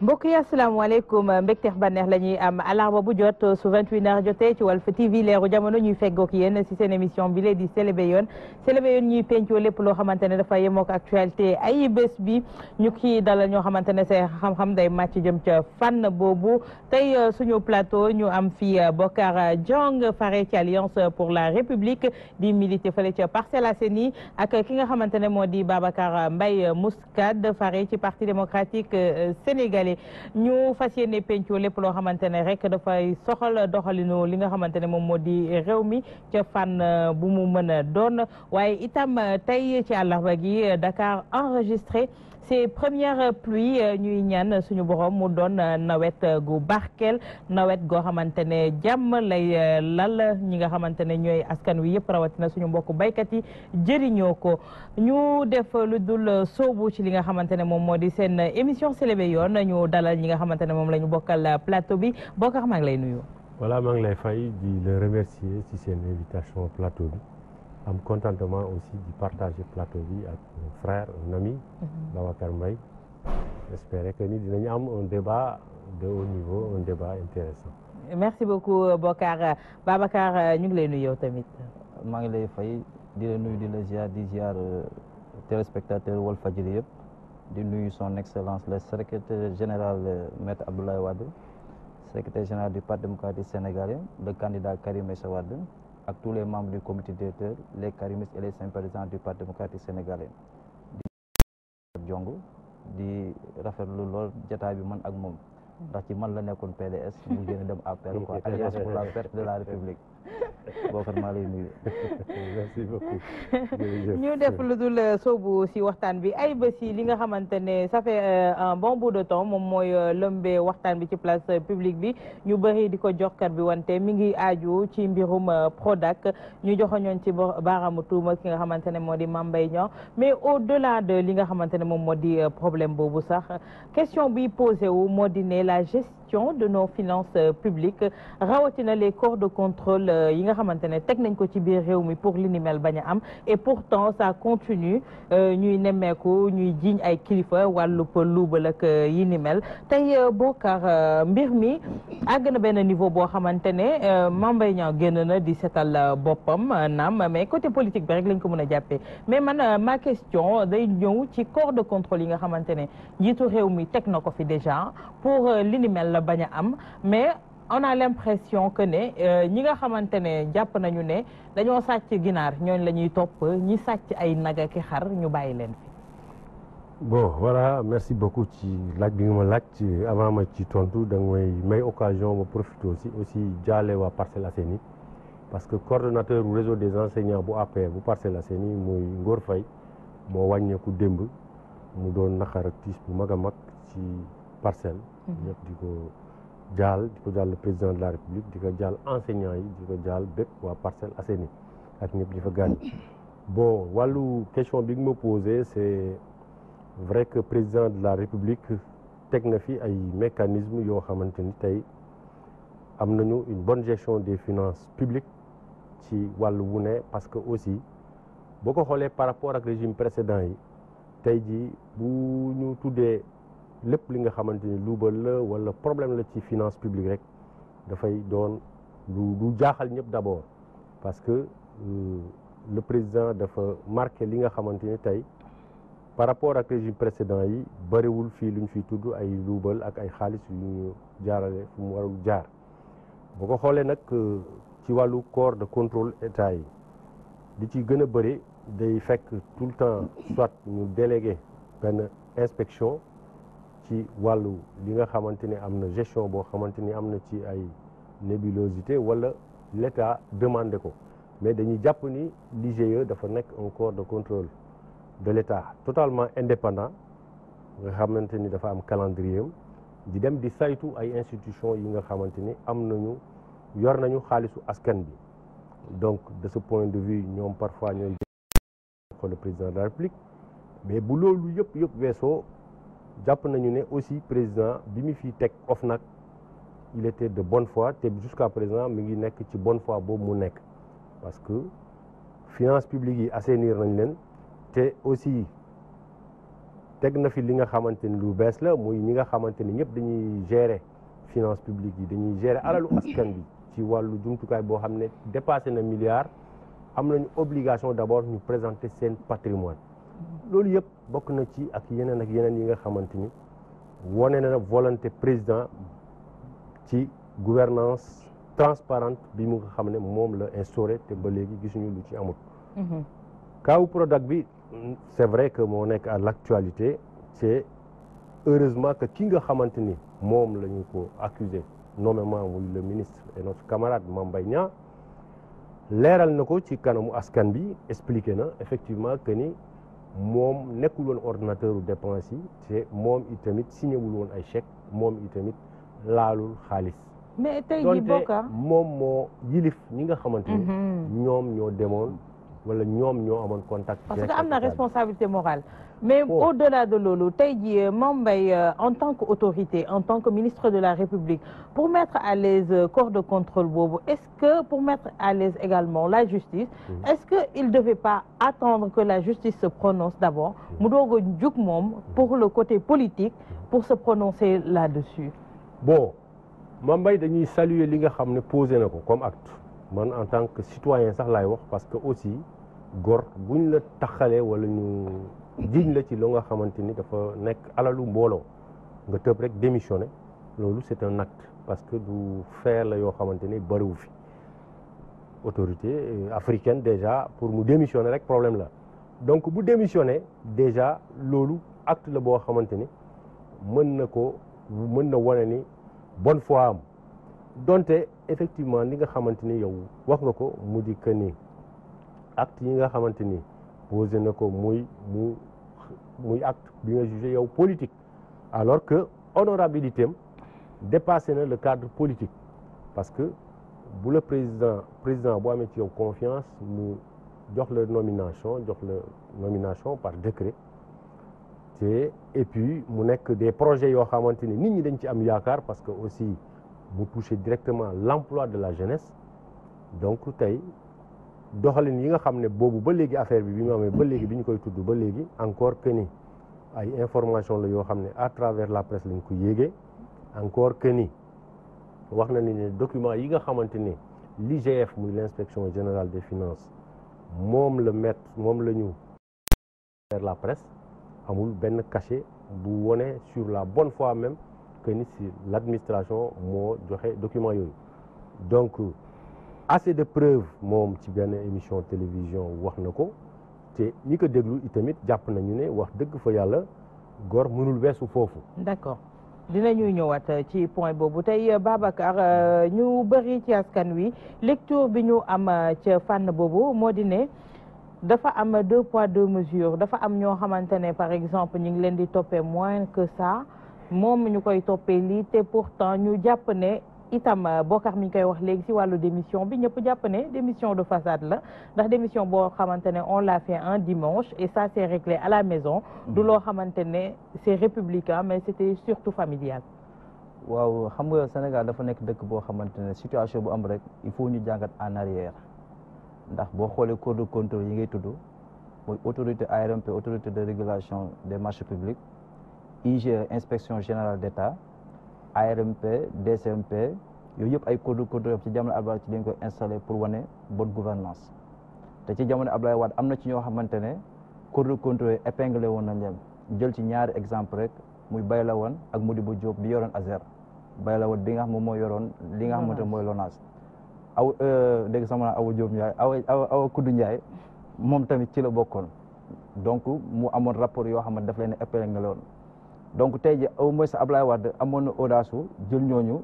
mbokk yi asalaamaaleykum mbégteex bànneex la ñuy am alarba bu jot su 28h jotee ci Walf TV leeru jamono ñuy feggoog yéen si seen émission bi léegi di Selebe Yoon Selebe Yoon ñuy pencoo lépp loo xamante ne dafa yemook actualité ay bés bi ñu kii dalal ñoo xamante ne seen xam-xam day màcc jëm ca fànn boobu tey euh, suñu plateau ñu am fi euh, Bocar Diong fare ci Alliance pour la République di milité fële ca Parcelles Assainies ak ki nga xamante ne moo di Babacar Mbaye Mouskad fare ci Parti démocratique euh, sénégalais Sénégalais ñu fas yéene pencoo lépp loo xamante ne rek dafay soxal doxalinu li nga xamante ne moom moo di réew mi ca fànn euh, bu mu mën a doon waaye itam euh, tey ci àllarba gi euh, Dakar enregistré cest premières pluies ñuy euh, ñaan suñu borom mu doon euh, nawet euh, gu barkeel nawet goo xamante ne jàmm lay lal ñi nga xamante ne ñooy askan wi yëpp rawatina suñu mbokku baykat yi jëriñoo ko ñu def lu dul soobu ci li nga xamante ne moom moo di seen émission Selebe Yoon ñu dalal ñi nga xamante ne moom la ñu bokkal plateau bi Bokar maa ngi lay nuyu. voilà maa ngi lay fay di le ci seen invitation plateau bi. am contentement aussi di partager plateau bi ak frère un ami mhm. Babacar Mbaye j'espère que ni dinañu am un débat de haut niveau un débat intéressant merci beaucoup euh, Bokar euh, Babacar euh, ñu ngi lay nuyu yow tamit maa ngi lay fay di la nuyu di la ziar di ziar téléspectateur Walfadjri yëpp di nuyu son excellence le secrétaire général maître Abdoulaye Wade secrétaire général du parti démocratique sénégalais le candidat Karim Meïssa ak tous les membre du comité directeur les karimistes et les sympathisants du parti démocratique sénégalais di jong di rafetlu lool jataay bi man ak moom ndax ci man la nekkoon PDS mu génn dem APR quoi alliance pour la perte de la république Bocar maa lay ñu def lu dul euh, soobu si waxtaan bi ay ba si li nga xamante ne ça fait euh, un bon bout de temps moom mooy euh, lëmbee waxtaan bi ci place publique bi ñu bëri di ko joxkat bi wante mi ngi aaju ci mbirum Prodac ñu joxoñoon ci baaraamu tuuma ki nga xamante ne moo di Mame Mbaye mais au delà de li nga xamante ne moom moo di problème boobu sax question bi posé wu moo di ne la gestion gestion de nos finances publiques rawatina les corps de contrôle euh, yi nga xamante ne teg nañ ko ci biir réew mi pour li ni bañ am et pourtant sa continue euh, ñuy nemmeeku ñuy jiiñ ay kilifa wàllub luubal ak euh, yi ni mel tey Bokar mbir mi àgg na benn niveau boo xamante ne Mame Mbaye Niang génn na di seetal boppam naam mais côté politique bi rek lañ ko mën a jàppee mais man ma question day ñëw ci corps de contrôle yi nga xamante ne njiitu réew mi teg na ko fi déjà pour li wala bañ a am mais on a l'impression que ne euh, ñi nga xamante ne jàpp nañu ne dañoo sàcc ginaar ñooñ la ñuy topp ñi sàcc ay nag ak xar ñu bàyyi leen fi. bon voilà merci beaucoup ci laaj bi nga ma laaj ci ma ci tontu da nga may may occasion ma profité aussi aussi jaale waa Parcelles Assainies parce que coordonnateur du réseau des enseignants bu APR bu Parcelles Assainies muy Ngor fay moo wàññeeku démb mu doon naqar tiis bu mag ci parcelle mhm. ñëpp di ko jaal di ko jaal président de la république di ko jaal enseignant yi di ko jaal bépp waa Parcelles Assainies ak ñëpp di fa gaañ bon wàllu question bi nga ma posé c'est vrai que président de la république teg na fi ay mécanismes yoo xamante ni tey am nañu une bonne gestion des finances publiques ci wàllu wu ne parce que aussi boo ko xoolee par rapport ak régime précédent yi tey ji bu ñu tuddee lépp li nga xamante ni luubal la wala problème la ci finance publique rek dafay doon lu lu jaaxal ñëpp d'abord parce que euh, le président dafa marqué li nga xamante ni tey par rapport ak régime précédent yi bëriwul fii lu ñu fiy tudd ay luubal ak ay xaalis yu ñu jaarale fu mu warul jaar boo ko xoolee nag euh, ci wàllu corps de contrôle état yi li ci gën a bëri day fekk tout le temps soit ñu délégué benn inspection ci wàllu li nga xamante ne am na gestion boo xamante ni am na ci ay nébulosité wala l'État demandé ko mais dañuy jàpp ni l'IGE dafa nekk un corps de contrôle de l'État totalement indépendant nga xamante ni dafa am calendrier di dem di saytu ay institution yi nga xamante ni am nañu yor nañu xaalisu askan bi donc de ce point de vue ñoom parfois ñooy xool le président de la République mais bu loolu yëpp yëpp weesoo jàpp nañu ne aussi président bi mu fi teg nag il était de bonne foi te jusqu'à présent mi ngi nekk ci bonne foi boobu mu nekk parce que finance publique yi assainir nañ leen te aussi teg na fi li nga xamante ni lu bees la muy ñi nga xamante ni ñëpp dañuy gérer finance publique yi dañuy gérer alalu askan bi ci wàllu jumtukaay boo xam ne dépassé na milliard am nañu obligation d'abord ñu présenter seen patrimoine loolu yëpp bokk na ci ak yeneen ak yeneen yi nga xamante ni wone na volonté président ci gouvernance transparente bi mu nga xam ne moom la instauré te ba léegi gisuñu lu ci amul mhm. kaaw Prodac bi c'est vrai que moo nekk à l'actualité c'est heureusement que ki nga xamante ni moom la ko accusé nommément muy le ministre et notre camarade Mame Mbaye leeral na ko ci kanamu askan bi expliqué na effectivement que ni moom nekkul woon ordinateur u yi te moom itamit signewul woon ay chèque moom itamit laalul xaalis mais tey jii bokk ah. moom moo yilif ñi nga xamante ni mm-hmm. ñoom ñoo demoon wala ñoom ñoo amoon contact. parce que am na responsabilité morale. mais oh. au-delà de loolu tey jii Mame euh, en tant que autorité en tant que ministre de la République pour mettre à l'aise euh, corps de contrôle boobu est-ce que pour mettre à l'aise également la justice mm. est que il devait pas attendre que la justice se prononce d'abord mhm. mu doog a jug moom pour le côté politique mhm. pour se prononcer là-dessus bon Mame Mbaye dañuy saluer li nga xam ne posé ko comme acte man en tant que citoyen sax laay wax parce que aussi gor ñu la taxalee wala ñu jiñ la ci lu nga xamante ni dafa nekk alalu mbooloo nga tëb rek démissionné loolu c'est un acte parce que du faire la yoo xamante ni bëriwu fi autorité euh, africaine déjà pour mu démissionné rek problème la donc bu démissionné déjà loolu acte la boo xamante ni mën na ko mën na wane ni bonne foi am donte effectivement li nga xamante ni yow wax nga ko mu di que acte yi nga xamante ni posé na ko muy mu muy acte bi nga jugé yow politique alors que honorabilité am dépassé na le cadre politique parce que bu la président président boo amee ci yow confiance mu jox la nomination jox la nomination par décret te et puis mu nekk des projets yoo xamante ni nit ñi dañ ci am yaakaar parce que aussi mu toucher directement l'emploi de la jeunesse donc tey doxalin yi nga xam ne boobu ba léegi affaire bi bi mu amee ba léegi bi ñu koy tudd ba léegi encore que ni ay information la yoo xam ne à travers la presse lañ ko yéegee encore que ni wax na ni ne document yi nga xamante ni l'IGF muy l' inspection générale des finances moom la mettre moom la ñu vers la presse amul benn cachet bu wone sur la bonne foi même que ni si l' moo joxe document yooyu donc assez de preuves moom ci benn émission télévision wax na ko te ñi ko déglu tamit jàpp nañu ne wax dëgg fa yàlla góor mënul weesu foofu. dina ñuy ñëwaat euh, ci point boobu tey euh, Babacar euh, ñu bëri ci askan wi lecture bi ñu am ca fànn boobu moo di ne dafa am deux poids deux mesures dafa am ñoo xamante ne par exemple ñu ngi leen di toppee moins que ça moom ñu koy toppee lii te pourtant ñu jàpp ne. itam euh, Bokar mi ngi koy wax léegi si wàllu démission bi ñëpp jàpp ne démission de façade la ndax démission boo xamante ne on l'a fait un dimanche et ça s'est réglé à la maison du mm-hmm. loo xamante ne c'est républicain mais c'était surtout familial waaw xam nga Sénégal dafa nekk dëkk boo xamante ne situation bu am rek il faut ñu jàngat en arrière ndax boo xoolee corps de contrôle yi ngay tudd mooy autorité ARMP autorité de régulation des marché publics IG e, inspection générale d'État ARMP DCMP yooyu yëpp ay code code yoo xam ci jamono Abdoulaye ci lañ koy installé pour wane bonne gouvernance te ci jamono Abdoulaye waat am na ci ñoo xamante ne code de contrôle woon na leen jël ci ñaari exemple rek muy Bayla Wane ak mu Modibo Diop bi yoroon Azer Bayla Wane bi nga xam moom moo yoroon li nga xamante mooy Lonase aw euh, dégg nga sama awa Diop Ndiaye awa awa awa Kudu Ndiaye moom tamit ci la bokkoon donc mu amoon rapport yoo xam ne daf leen épinglé woon donc tey ji au moins Ablaye Wade amoon na audace jël ñooñu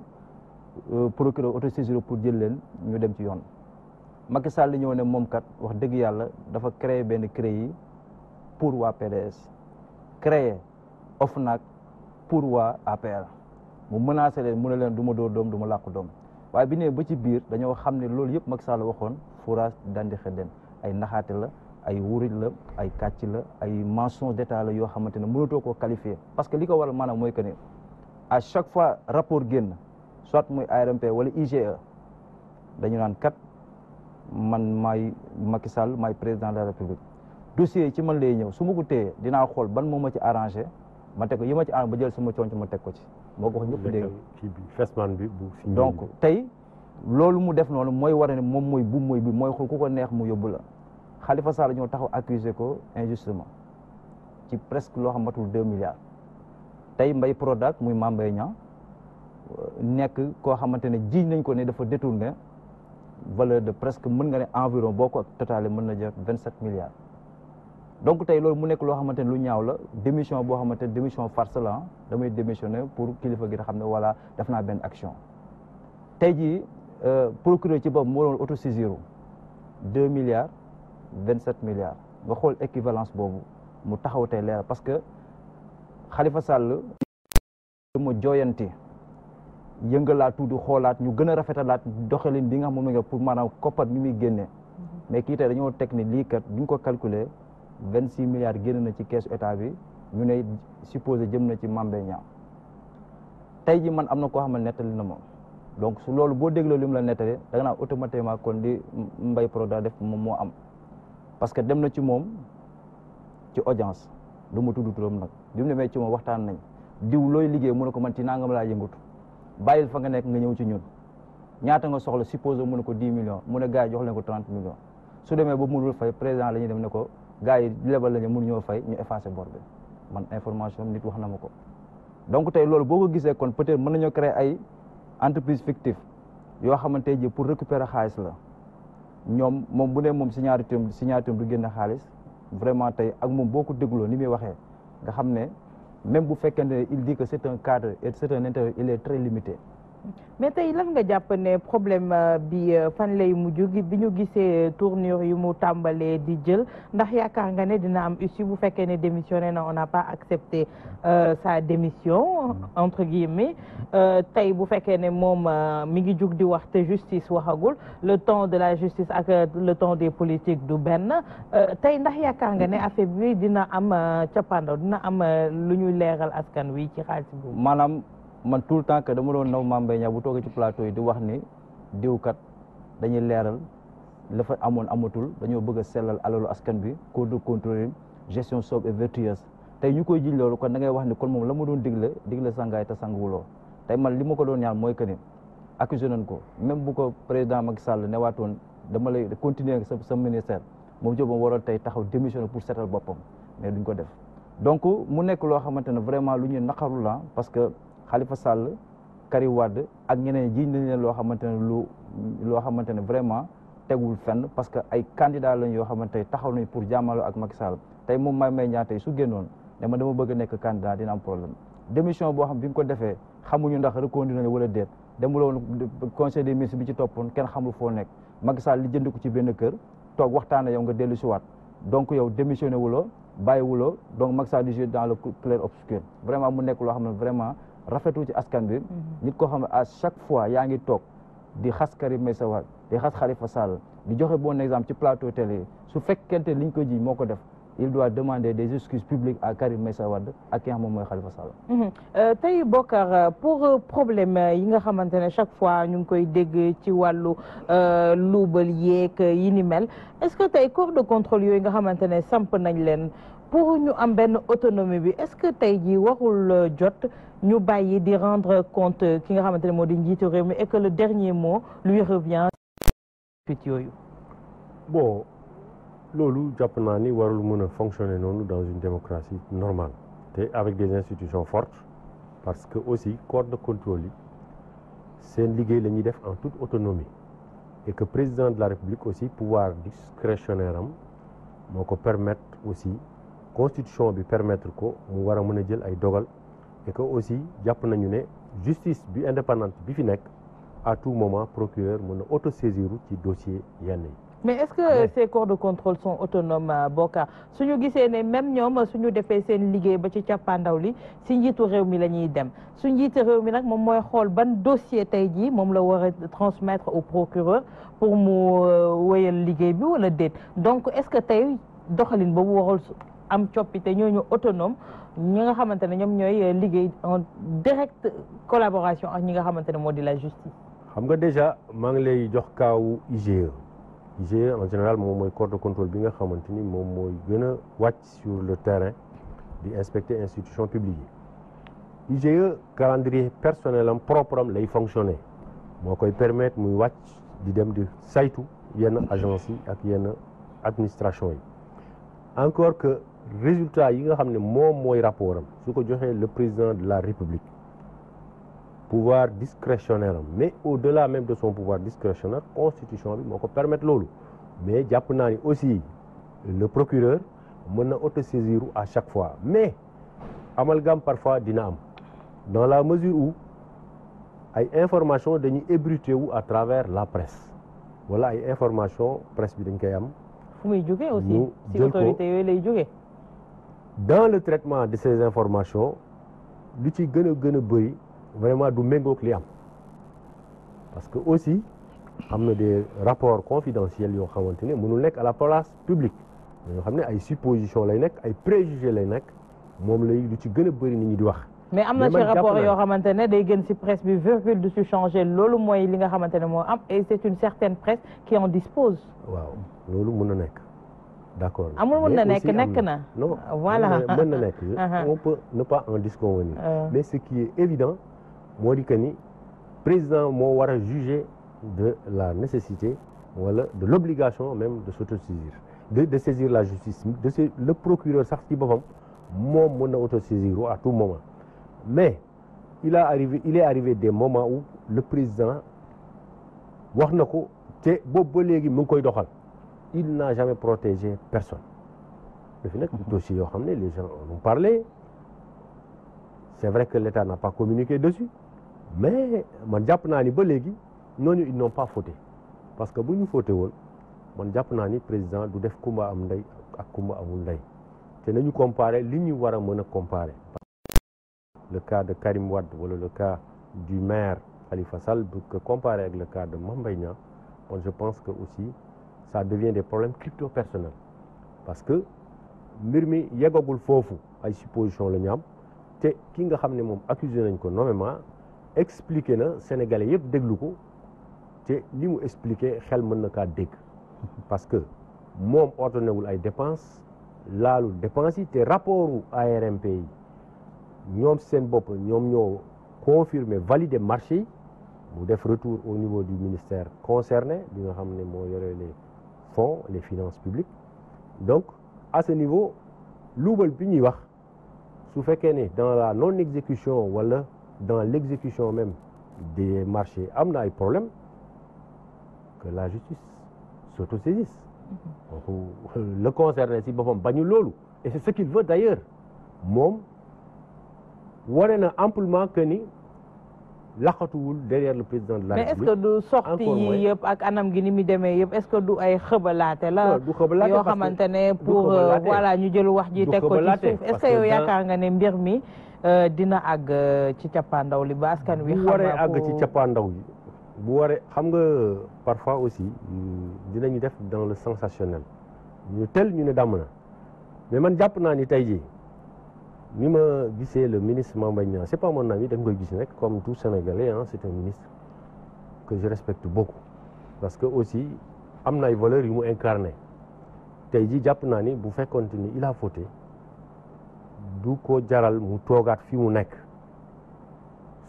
euh, procureur autosaisir pour jël leen ñu dem ci yoon Macky Sall ñëw ne moom kat wax dëgg yàlla dafa créer benn CREI pour waa PDS créer nag pour waa APR mu menacé leen mu ne leen du ma doom duma ma làkk doom waaye bi ne ba ci biir dañoo xam ne loolu yëpp Macky Sall waxoon fourage dandi xel dem ay naxaate la ay wuruj la ay kàcc la ay mensonge d'état la yoo xamante ne mënatoo koo qualifier parce que li ko waral maanaam mooy que ne à chaque fois rapport génn soit muy ARMP wala IGE dañu naan kat man maay Macky Sall maay président de la République dossier yi ci man lay ñëw su ma ko téyee dinaa xool ban moom ma ci arrangé ma teg ko yi ma ci arrangé ba jël sama coonc ma teg ko ci moo ko wax ñëpp dégg donc tey loolu mu def noonu mooy war ne moom mooy bu mooy bi mooy xool ko neex mu yóbbu la xalifa Sall ñoo taxaw accuser ko injustement ci presque loo xam matul deux milliards tey mbay Prodac muy Mame Mbaye Niang euh, nekk koo xamante ne jiiñ nañ ko ne dafa détourné valeur de presque mën nga ne environ boo ko totalé mën na jël vingt sept milliards donc tey loolu mu nekk loo xamante ne lu ñaaw la démission boo xamante ne démission farce la damay démissionné pour kilifa gi nga xam ne voilà def naa benn action tey jii euh, procureur ci bopp moo doon auto saisiru sept milliards nga xool équivalence boobu mu taxaw tey leer parce que xalifa Sall mu jooyanti yëngalaat tuuti xoolaat ñu gën a rafetalaat doxalin bi nga xam moom nga pour maanaam koppat ni muy génnee mhm. mais kii tey dañoo teg ni lii kat duñ ko calculer vingt six milliards génn na ci keesu état bi ñu ne supposé jëm na ci Mame Mbaye tey ji man am na koo xam ne nettali na ma donc su loolu boo dégloo li mu la nettalee da nga naan automatiquement kon li mbay Prodac def moom moo am parce que dem na ci moom ci audience du ma tudd turam nag bi ne demee ci moom waxtaan nañ diw looy liggéey mu ne ko man ci nangam laa yëngut bàyyil fa nga nekk nga ñëw ci ñun ñaata nga soxla supposé mu ne ko dix millions mu ne gars jox leen ko 30 millions su demee ba mënul fay président la ñuy dem ne ko gars yi lebal la ñu mënu ñoo fay ñu effacé bor bi man information nit wax na ma ko donc tey loolu boo ko gisee kon peut-être mën nañoo créer ay entreprise fictive yoo xamante ji pour récupérer xaalis la ñoom moom bu ne moom si ñaari du génn xaalis vraiment tey ak moom boo ko dégloo ni muy waxee nga xam ne même bu fekkee ne il dit que un cadre et c' est un intérêt il est très limité mais tey lan nga jàpp ne problème euh, bi euh, fan lay mu mujj bi ñu gisee tournure yu mu tàmbalee di jël ndax yaakaar nga ne dina am issue bu fekkee ne démissionné na on n'a pas accepté euh, sa démission entre guillemets euh, tey bu fekkee ne moom mi ngi jug di wax te justice waxagul le temps de la justice ak le temps des politiques du benn tey ndax yaakaar nga ne affaire bi dina am cappaandaw dina am lu ñu leeral askan wi ci xaalis boobu maanaam man tout le temps que dama doon naw Mame Mbaye bu toogee ci plateau yi di wax ni diwkat dañuy leeral lafa amoon amatul dañoo bëgg a sellal alalu askan bi code du contrôle gestion sobre et vertueuse tey ñu koy jiñ loolu kon da ngay wax ni kon moom la ma doon digle digle sangaay te sanguwuloo tey man li ma ko doon ñaan mooy que ni accusé nañ ko même bu ko président Macky Sall newaatoon dama lay continuer sa sa ministère moom jobam waroon tey taxaw démissionné pour setal boppam mais duñ ko def Khalifa Sall Karim wadd ak ñeneen jiñ nañ leen loo xamante ne lu loo xamante ne vraiment tegul fenn parce que ay candidat lañ yoo xamante ne taxaw nañ pour jàmmaloo ak Macky tey moom may may ñaar su génnoon ne dama bëgg nekk candidat dina am problème démission boo xam bi nga ko defee xamuñu ndax reconduire nañ wala déet demuloon conseil des ministres bi ci toppoon kenn xamul foo nekk Macky Sall li jënd ko ci benn kër toog waxtaana yow nga dellu si waat donc yow démissionné wuloo bàyyiwuloo donc Macky Sall di jouer dans le clair obscur vraiment mu nekk loo xam ne vraiment rafetul ci askan bi mhm. nit ko xam ne à chaque fois yaa ngi toog di xas Karim Meïssa Wade di xas Khalifa Sall di joxe bon exemple ci plateau télé su fekkente liñ koy ji moo ko def il doit demander des excuses publiques à Karim Meïssa Wade ak ki nga xam moom mooy Khalifa Sall. Mhm. Euh, tey Bokar euh, pour euh, problème yi nga xamante ne chaque fois ñu ngi koy dégg ci wàllu luubal yeeg yi ni mel est-ce que tey corps de contrôle yooyu nga xamante ne samp nañ leen pour ñu am benn autonomie bi est-ce que tey jii waxul jot ñu bàyyi di rendre compte ki nga xamante ne moo di njiitu réew mi et que le dernier mot lui revient. bon. loolu jàpp naa ni warul mën a fonctionner noonu dans une démocratie normale te avec des institutions fortes parce que aussi corps de contrôle seen liggéey la ñuy def en toute autonomie et que président de la république aussi pouvoir discrétionnaire am moo ko permettre aussi constitution bi permettre ko mu war a mën a jël ay dogal et que aussi jàpp nañu ne justice bi indépendante bi fi nekk à tout moment procureur mën a autosaisiru ci dossier yenn yi mais est-ce que ah, ces corps de contrôle sont autonomes euh, Bokar su ñu gisee ne même ñoom su ñu defee seen liggéey ba ci càppaandaw li si njiitu réew mi la ñuy dem su njiitu réew mi nag moom mooy xool ban dossier tey jii moom la war a transmettre au procureur pour mu euh, wéyal liggéey bi wala déet donc est-ce que tey doxalin boobu warul am coppite ñooñu autonome ñi nga xamante ne ñoom ñooy liggéey en directe collaboration ak ñi nga xamante ne moo di la justice. xam nga déjà maa ngi lay jox kaawu IGE en général moom mooy corps de contrôle bi nga xamante ni moom mooy gën a wàcc sur le terrain di inspecter institution publique yi IGE calendrier personnel am propre lay fonctionner moo koy permettre muy wàcc di dem di saytu yenn agence yi ak yenn administration yi encore que résultat yi nga xam ne moom mooy rapport am su ko joxee le président de la république pouvoir discrétionnaire am mais au-delà même de son pouvoir discrétionnaire constitution bi moo ko permettre loolu mais jàpp naa ni aussi le procureur mën na autosaisir à chaque fois mais amalgame parfois dina am dans la mesure où ay information dañuy ébruité wu à travers la presse wala ay information presse bi dañ koy am. fu muy jóge aussi si autorité yooyu lay jógee. dans le traitement de ces informations lu ci gën a gën a bëri. vraiment du méngoog li am parce que aussi am na des rapports confidentiels yoo xamante ne mënul nekk à la place publique yoo xam ne ay supposition lay nekk ay préjugés lay nekk moom lay lu ci gën a bëri nit ñi di wax. mais am na ci rapport yoo xamante ne day gën ci presse bi virgule du ci changé loolu mooy li nga xamante ne moo am et c'est une certaine presse qui en dispose. waaw loolu mun na nekk d'accord. amul mën na nekk nekk na. non voilà mën uh-huh. euh. mais ce qui est évident. moo di que ni président moo war a juger de la nécessité wala de l'obligation même de s'autosaisir de de saisir la justice de se le procureur sax ci boppam moom mën na autosaisir à tout moment mais il a arrivé il est arrivé des moments où le président wax na ko te boobu ba léegi mu ngi koy doxal il n'a jamais protégé personne dafi nag mhm. dossier yoo xam ne les gens en ont parlé c'est vrai que l'État n'a pas communiqué dessus mais man jàpp naa ni ba léegi noonu ils n'ont pas fauté parce que bu ñu fauté woon man jàpp naa ni président du def kumba am ndey ak kumba amul ndey te nañu comparer li ñu war a mën a comparer le cas de Karim wala le cas du maire Khalifa Sall bu ko comparer ak le cas de Mame Mbaye je pense que aussi ça devient des problèmes crypto personnels parce que mbir mi yegagul foofu ay supposition la ñu am te ki nga xam ne moom accusé nañ ko nommément expliqué na sénégalais yëpp déglu ko te li mu expliqué xel mën na kaa dégg parce que moom ordonnéwul ay dépenses laalu dépense yi te rapportu ARMP yi ñoom seen bopp ñoom ñoo confirmer valide marché yi mu def retour au niveau du ministère concerné bi nga xam ne moo yore les fonds les finances publiques donc à ce niveau luubal bi ñuy wax su fekkee ne dans la non exécution wala dans l'exécution même des marchés am na ay problème que la justice s'autosaisisse mm-hmm. le concerné si boppam bañu loolu et c'est ce qu'il veut d'ailleurs moom wane na amplement que ni laqatuwul derrière le président de la mais est-ce que du sorti yi yëpp ak anam gi ni mu demee yëpp est-ce que du ay xëbalaate la. du xëbalaate yoo xamante ne pour euh, voilà ñu jël wax ji. teg ko ci suuf est-ce que yow yaakaar nga ne mbir mi euh, dina àgg euh, ci cappaandaw li ba askan wi. xam àgg ci cappaandaw yi bu xam nga parfois aussi dinañu def dans le sensationnel ñu tel ñu ne dàmm na mais man jàpp naa ni tey jii. mi ma gise le ministre Mame Mbaye Niang c'est pas mon ami da nga koy gis rek comme tout Sénégalais ah c'est un ministre que je respecte beaucoup parce que aussi am na ay valeurs yu mu incarné tey ji jàpp naa ni bu fekkonte ni il a fauté du ko jaral mu toogaat fi mu nekk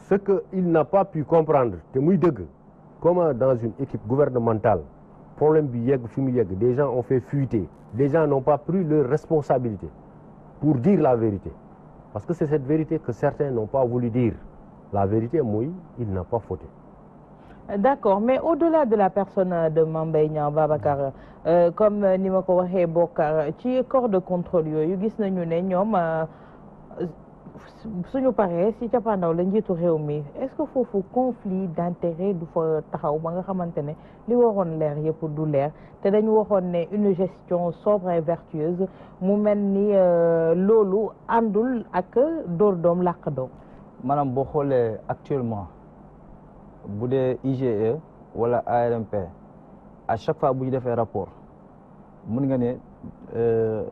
ce que n'a pas pu comprendre te muy dëgg comment dans une équipe gouvernementale problème bi yegg fi mu yegg des gens ont fait fuiter des gens n'ont pas pris leur responsabilité pour dire la vérité Parce que c'est cette vérité que certains n'ont pas voulu dire. La vérité, moi, il n'a pas fauté. D'accord, mais au-delà de la personne de Mambay Niang Babacar euh, comme euh, ni ma ko waxee Bokar ci corps de contrôle yooyu gis nañu ne ñoom euh, suñu paree si cappaandaw la njiitu réew mi est-ce que foofu conflit d'intérêt du fa taxaw ba nga xamante ne li waroon leer yëpp du leer te dañu waxoon ne une gestion sobre et vertueuse mu mel ni euh, loolu àndul ak dóor doom làq doom maanaam boo xoolee actuellement bu dee IGE wala ARMP à chaque fois bu ñu defee rapport mën nga ne euh,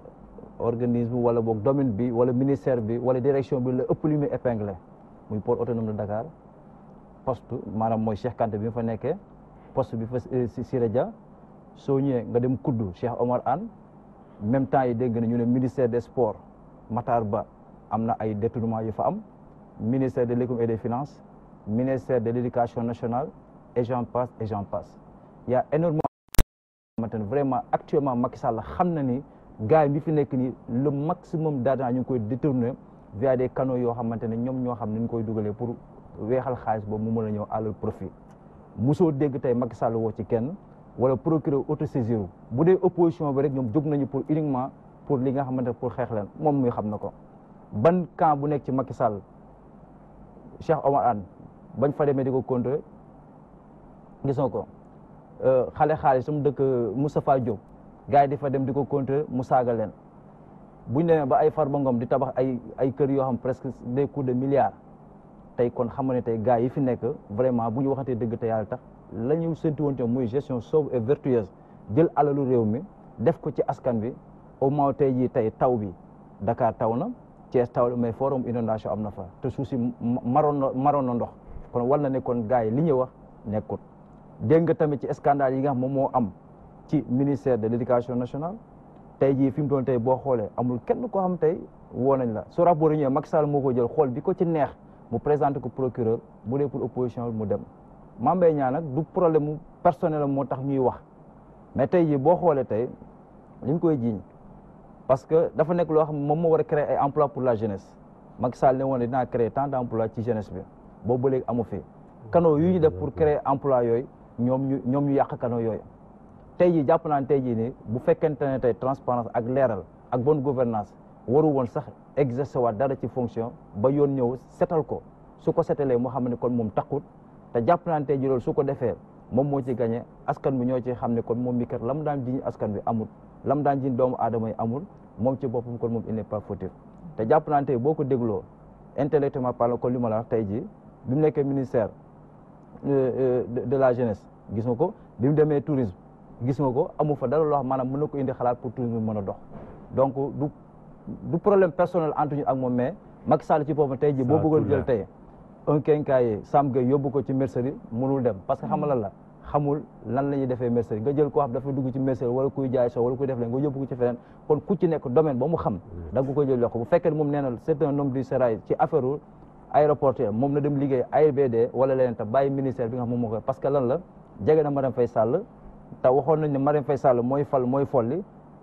organisme wala boog domaine bi wala ministère bi wala direction bi la ëpp li muy épinglé muy pour autonome de Dakar poste maanaam mooy Cheikh Kanté bi mu fa nekkee post bi fa eh, Siré Dia soo ñëwee nga dem kuddu Cheikh Omar Anne même temps yi dégg na ñu ne ministère des sports Matar Ba am na ay détournement yu fa am ministère de l'économie et des finance ministère de l'éducation nationale et j'en passe et j'en passe y a énormément vraiment actuellement Macky Sall xam na ni gars yi fi nekk nii le maximum d'argent ñu ngi koy détourner via des canaux yoo xamante ne ñoom ñoo xam ne ñu koy dugalee pour weexal xaalis boobu mu mën a ñëw àlal profit musoo dégg tey Macky Sall woo ci kenn wala procureur autosaisir bu dee opposition bi rek ñoom jóg nañu pour uniquement pour li nga xamante ne pour xeex leen moom muy xam na ko ban camp bu nekk ci Macky Sall Cheikh Omar Anne bañ fa demee di ko contré gis nga ko euh, xale xaalis su mu dëkk Moustapha Diop gars yi di fa dem di ko contrer mu saaga leen buñ demee ba ay far Farba Ngom di tabax ay ay kër yoo xam presque des coups de milliards tey kon xam nga ne tey gars yi fi nekk vraiment bu ñu waxantee dëgg te yàlla tax la ñu séntu woon muy gestion sobre et vertueuse jël alalu réew mi def ko ci askan bi au moins tey jii tey taw bi Dakar taw na Thiès taw na mais forum inondation am na fa te suuf si maroon na maroon na ndox kon war na ne kon gars yi li ñuy wax nekkut dégg tamit ci scandale yi nga xam am ci ministère de l' éducation nationale tey jii fi mu doon tey boo xoolee amul kenn koo xam tey woo nañ la su rapport yi ñëwee moo ko jël xool bi ko ci neex mu présenté ko procureur bu dee pour opposition mu dem Mame Mbaye nag du problème mu personnel moo tax ñuy wax mais tey jii boo xoolee tey liñ koy jiiñ parce que dafa nekk loo xam moom moo war a créer ay emploi pour la jeunesse Macky Sall ne woon ne emploi ci jeunesse bi boobu ba léegi amu fi. kanoo yu ñu def pour créer emploi yooyu ñoom ñu ñoom ñu yàq kanoo yooyu. tey jii jàpp naa ne tey jii nii bu fekkente ne tey transparence ak leeral ak bonne gouvernance waru woon sax exercer waat dara ci fonction ba yoon ñëw setal ko su ko setalee moo xam ne kon moom takkut te jàpp naa ne tey loolu su ko defee moom moo ci gagné askan bu ñoo ci xam ne kon moom mi kat lam daan jiñ askan bi amul lam daan jiñ doomu aadama yi amul moom ci boppam kon moom il n'est pas fautif te jàpp naa ne boo ko dégloo intellectuellement parlant kon li ma la wax tey jii bi mu nekkee ministère euh, euh, de la jeunesse gis ko bi mu demee tourisme gis nga ko amu fa dara loo xam maanaam mën na ko indi xalaat pour tourisme mën a dox donc du du problème personnel entre ak moom mais Macky Sall ci boppam tey ji boo bëggoon jël tey un quincailler Sam Gueye yóbbu ko ci mercerie mënul dem parce que xam lan la xamul lan la ñuy defee mercerie nga jël ko xam dafa dugg ci mercerie wala kuy jaay soo wala kuy def leen nga yóbbu ko ci feneen kon ku ci nekk domaine ba mu xam hmm. da nga ko jël yokk bu fekkee moom nee na c'est un homme du sérail ci affaire moom na dem liggéey AIBD wala leneen te bàyyi bi nga xam parce que lan la jege na Marième Faye Sall te waxoon nañ ne Marème Faye Sall mooy fal mooy folli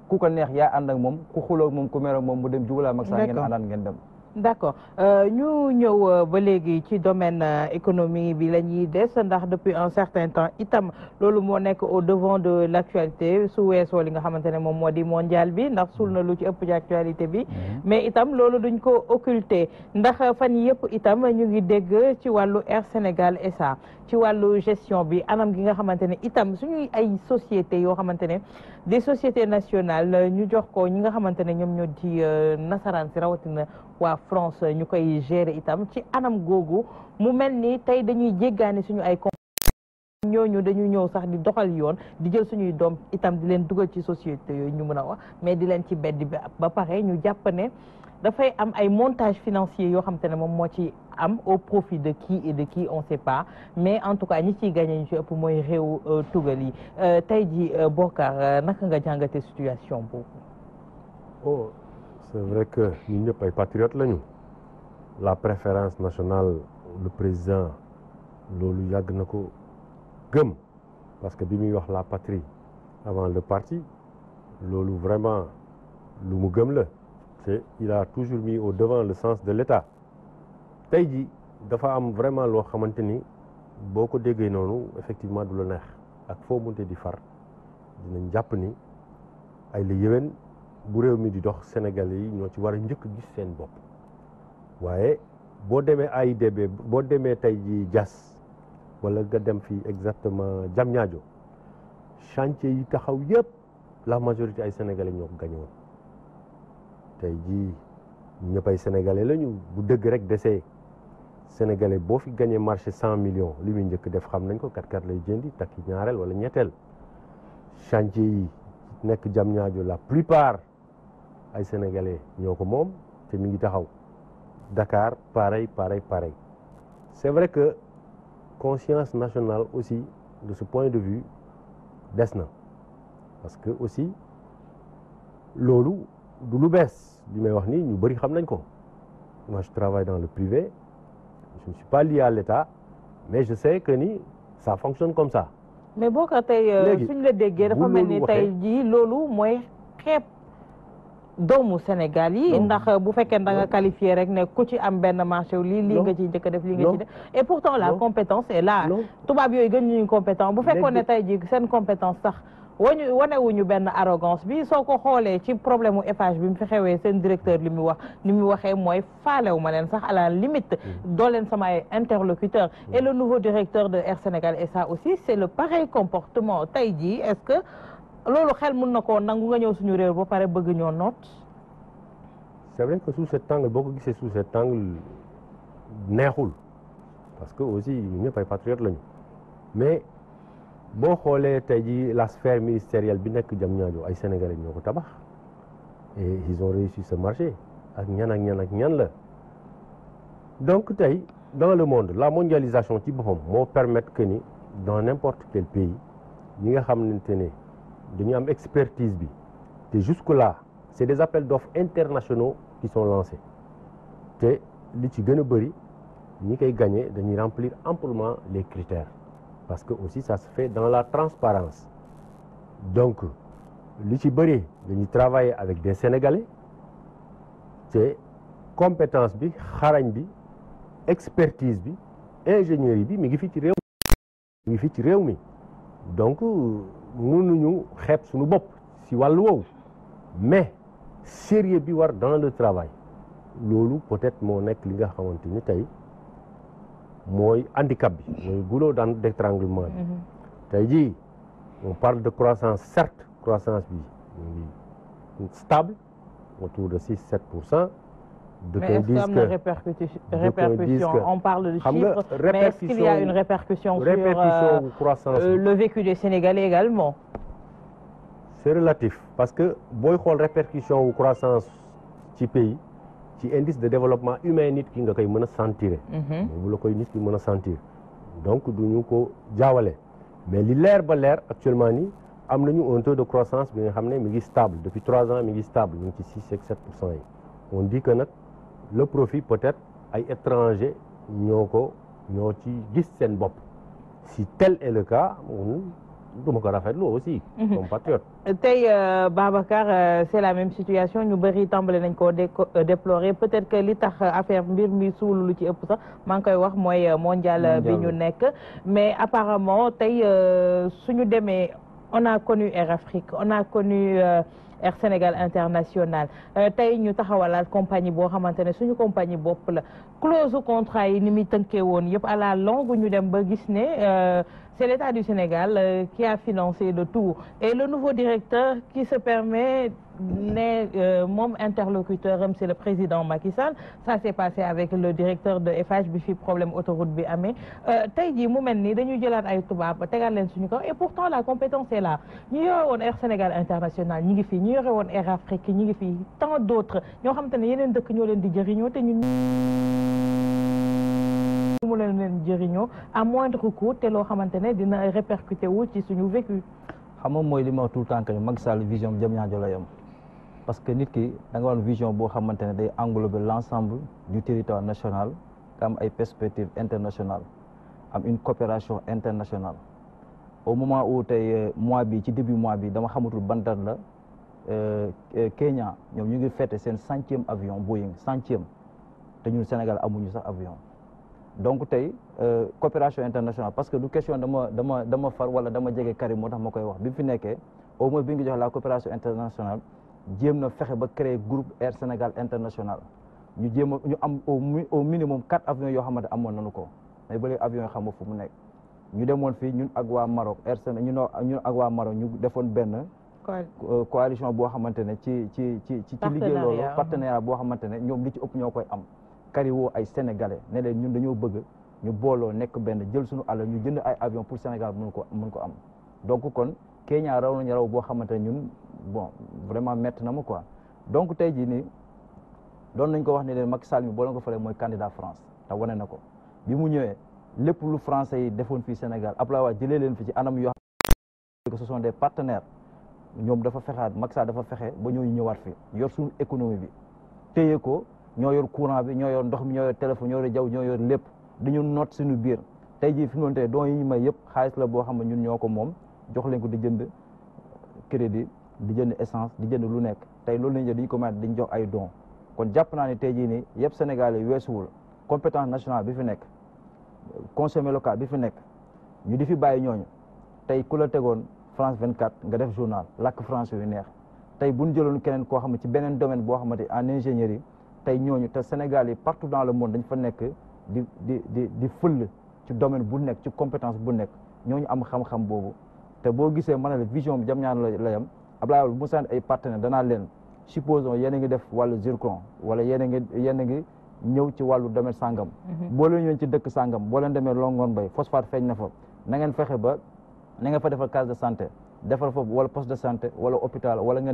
ku ko neex yaa ànd ak moom ku xuloo moom ku mer moom mu dem jubalaam ak saa ngeen àndaan ngeen dem d'accord euh, ñu ñëw euh, ba léegi ci domaine euh, économie bi la ñuy des ndax depuis un certain temps itam loolu moo nekk au devant de l'actualité su weesoo li nga xamante ne moom moo di mondial bi ndax suul na lu ci ëpp ci actualité bi mhm. mais itam loolu dañu ko occulter ndax fan yëpp itam ñu ngi dégg ci wàllu Air Sénégal SA ci wàllu gestion bi anam gi nga xamante ne itam suñuy ay société yoo xamante ne des sociétés nationales ñu jox ko ñi nga xamante ne ñoom ñoo di nasaraan si rawatina France ñu koy gérer itam ci anam googu mu mel nii tey dañuy jéggaani suñu ay ñëw dañu ñëw sax di doxal yoon di jël suñuy doom itam di leen dugal ci société yooyu ñu mën a wax mais di leen ci bedd bi ba pare ñu jàpp ne dafay am ay montage financier yoo xam te ne moom moo ci am au profit de qui et de qui on sait pas mais en tout cas ñi ciy gagné ñu ci ëpp mooy réew euh, tugal yi euh, tey ji euh, Bokar naka nga jàngate situation boobu oh, c'est vrai que ñun ñëpp ay patriotes lañu la préférence nationale le président loolu yàgg na ko gëm parce que bi muy wax la patrie avant le parti loolu vraiment lu mu gëm la te il a toujours mis au devant le sens de l'État tey ji dafa am vraiment loo xamante ni boo ko déggee noonu effectivement du la neex ak foo munte di far dinañ jàpp ni ay la yéwén bu réew mi di dox Sénégalais yi ñoo ci war a njëkk gis seen bopp waaye boo demee ay AIBD boo demee tey ji jas wala nga dem fii exactement Diamniadio chantier yi taxaw yëpp la majorité ay sénégalais ñoo ko gañe woon tey jii ñëpp ay sénégalais lañu bu dëgg rek desee sénégalais boo fi gañee marché cent million li muy njëkk def xam nañ ko kat kat lay jëndi takki ñaareel wala ñetteel chantier yi nekk Diamniadio la plupart ay sénégalais ñoo ko moom te mi ngi taxaw Dakar pareil pareil pareil c'est vrai que conscience nationale aussi de ce point de vue des na parce que aussi loolu du lu bees bi may wax nii ñu bëri xam nañ ko moi je travaille dans le privé je ne suis pas lié à l'État mais je sais que ni sa fonctionne comme ça. mais boo ko tey euh, suñ la déggee dafa mel ni tey jii loolu mooy xeeb. doomu Sénégal yi ndax bu fekkee da a qualifié rek ne ku ci am benn marché wu lii lii nga ji njëkk a def lii nga ci def et pourtant la compétence est là tubaab yooyu gën ñu compétent bu fekkoon ne tey jii seen compétence sax wañu wanewuñu benn arrogance bi soo ko xoolee ci problème mu Eiffage bi mu fi xewee seen directeur li mu wax ni mu waxee mooy faalewu ma leen sax à la limite mm. doo leen sama ay interlocuteur et mm. le nouveau directeur de Air Sénégal et ça aussi c'est le pareil comportement tey jii est-ce que loolu xel mun na koo nangu nga ñëw suñu réew ba pare bëgg ñoo noot c'est vrai que tàng boo ko gisee sous cet angle neexul parce que aussi ñu ñëpp ay patriotes lañu mais boo xoolee tey jii la sphère ministérielle bi nekk jam ñaajo ay sénégalais ñoo ko tabax et ils ont réussi ce marché ak ñan ak ñan ñan la donc tey dans le monde la mondialisation ci boppam moo permettre que ni dans n'importe quel pays ñi nga xam xamante ne dañuy am expertise bi te jusque là c'est des appels d'offres internationaux qui sont lancés te lu ci gën a bëri ñi koy gagner dañuy remplir amplement les critères parce que aussi ça se fait dans la transparence donc lu ci bëri dañuy travailler avec des Sénégalais te compétence bi xarañ bi expertise bi ingénierie bi mi ngi fi ci réew mi ngi fi ci réew mi donc ñu xeet suñu bopp si wàllu woowu mais sérieux bi war dans le travail loolu peut-être moo nekk li nga xamante ni tey mooy handicap bi mooy goulot d'étranglement bi mhm. tey jii on parle de croissance certes croissance bi stable autour de six sept pour cent de mais est-ce qu'il y a une répercussion, répercussion on parle de chiffres, mais est-ce qu'il y a une répercussion, répercussion sur euh, euh, le vécu des Sénégalais également C'est relatif, parce que booy xool répercussion wu croissance ci pays ci indice de développement humain nit ki nga koy mën a sentir. Mhm. moom la koy nit ki mën a sentir donc du ñu ko jaawale mais li leer ba leer actuellement nii am nañu un taux de croissance bi nga xam ne mi ngi stable depuis trois ans mi ngi stable mi on dit que nag le profit peut-être ay étranger ñoo ko ñoo ci gis seen bopp si tel est le cas duma ko rafetlu aussi. Mhm. compatriote. tey euh, Babacar euh, c'est la même situation ñu bëri tàmbali nañ koo euh, déplorer peut-être que li tax affaire mbir mi suul lu ci ëpp sax maa ngi koy wax mooy mondial bi ñu nekk. mais apparemment tey suñu demee on a connu Air Afrique on a connu. Sénégal International euh, tey ñu taxawalaal compagnie boo xamante ne suñu compagnie bopp la clause contrat yi ni muy tënkee woon yëpp à ñu dem ba gis ne euh, c'est l'État du Sénégal euh, qui a financé le tout et le nouveau directeur qui se permet ne euh, moom interlocuteur am c'est le président Macky Sall ça s'est passé avec le directeur de Eiffage bi fi problème autoroute bi amee euh, tey jii mu mel nii dañuy jëlaat ay tubaab tegal leen suñu kaw et pourtant la compétence est là ñu yore woon Air Sénégal International ñi ngi fi ñu yore woon Air Afrique ñi ngi fi tant d'autres ñoo xam te ne yeneen dëkk ñoo leen di jëriñoo te ñun mu leen leen jëriñoo à moindre coût te loo xamante ne dina répercuté wu ci suñu vécu. xam nga mooy li ma wax tout mag temps que ni Macky Sall vision bi jëm ñaajo la yem parce que nit ki da nga vision boo xamante ne day englober l' ensemble du territoire national am ay perspectives internationales am une coopération internationale. au moment où tey euh, mois bi ci début mois bi dama xamatul ban date la euh, euh, Kenya ñoom ñu ngi fête seen centième avion Boeing centième te ñu Sénégal amuñu sax avion. donc tey euh, coopération internationale parce que du question dama dama dama far wala dama jege Karim moo tax ma koy wax bi mu fi nekkee au moins bi nga jox la coopération internationale jéem na fexe ba créer groupe Air Sénégal international ñu jéem a ñu am au minimum quatre avions yoo xamante amoon nanu ko mais ba léegi avions yi fu mu nekk ñu demoon fii ñun ak waa Maroc Air Sénégal ñun ak waa Maroc ñu defoon benn. Euh, coalition boo xamante ne ci ci ci ci liggéey loolu partenariat boo xamante ne ñoom li ci ëpp ñoo koy am. kari woo ay sénégalais ne leen ñun dañoo bëgg ñu booloo nekk benn jël suñu àll ñu jënd ay avion pour Sénégal mun ko mun ko am donc kon Kenya raw nañu raw boo xamante ñun bon vraiment métti na ma quoi donc tey jii ni doon nañ ko wax ne leen Macky Sall mi boo leen ko falee mooy candidat France te wane na ko bi mu ñëwee lépp lu français yi defoon fii Sénégal Abdoulaye Wade jëlee leen fi ci anam yoo xam ne ce des partenaires ñoom dafa fexaat Macky Sall dafa fexe ba ñooñu ñëwaat fi yor suñu économie bi ñoo yor courant bi ñoo ndox mi ñoo yor téléphone ñoo yor jaww ñoo yor lépp dañu noot suñu biir tey ji fi mu tey don yi ñu may yëpp xaalis la boo xam ne ñun ñoo ko moom jox leen ko di jënd crédit di jënd essence di jënd lu nekk tey loolu lañu jël dañu ko mën dañ jox ay don kon jàpp naa ne tey jii nii yëpp sénégale yi weesuwul compétence nationale bi fi nekk consommé local bi fi nekk ñu di fi bàyyi ñooñu tey ku la tegoon France 24 nga def journal làkk France yu neex tey bu nu jëloon keneen koo xam ne ci beneen domaine boo xamante en ingénierie tey ñooñu te Sénégal yi partout dans le monde dañ fa nekk di di di fël ci domaine bu nekk ci compétence bu nekk ñooñu am xam-xam boobu te boo gisee ma ne vision bi jam ñaan la la yam Abdoulaye Wade bu mu ay partenaires danaa leen supposons yéen a ngi def wàllu zircon wala yéen a ngi yéen a ngi ñëw ci wàllu domaine sàngam mhm. boo leen ñëw ci dëkk sàngam boo leen demee Longoor Mbay phosphate feeñ na fa na ngeen fexe ba fa defal case de santé defal foofu wala poste de santé wala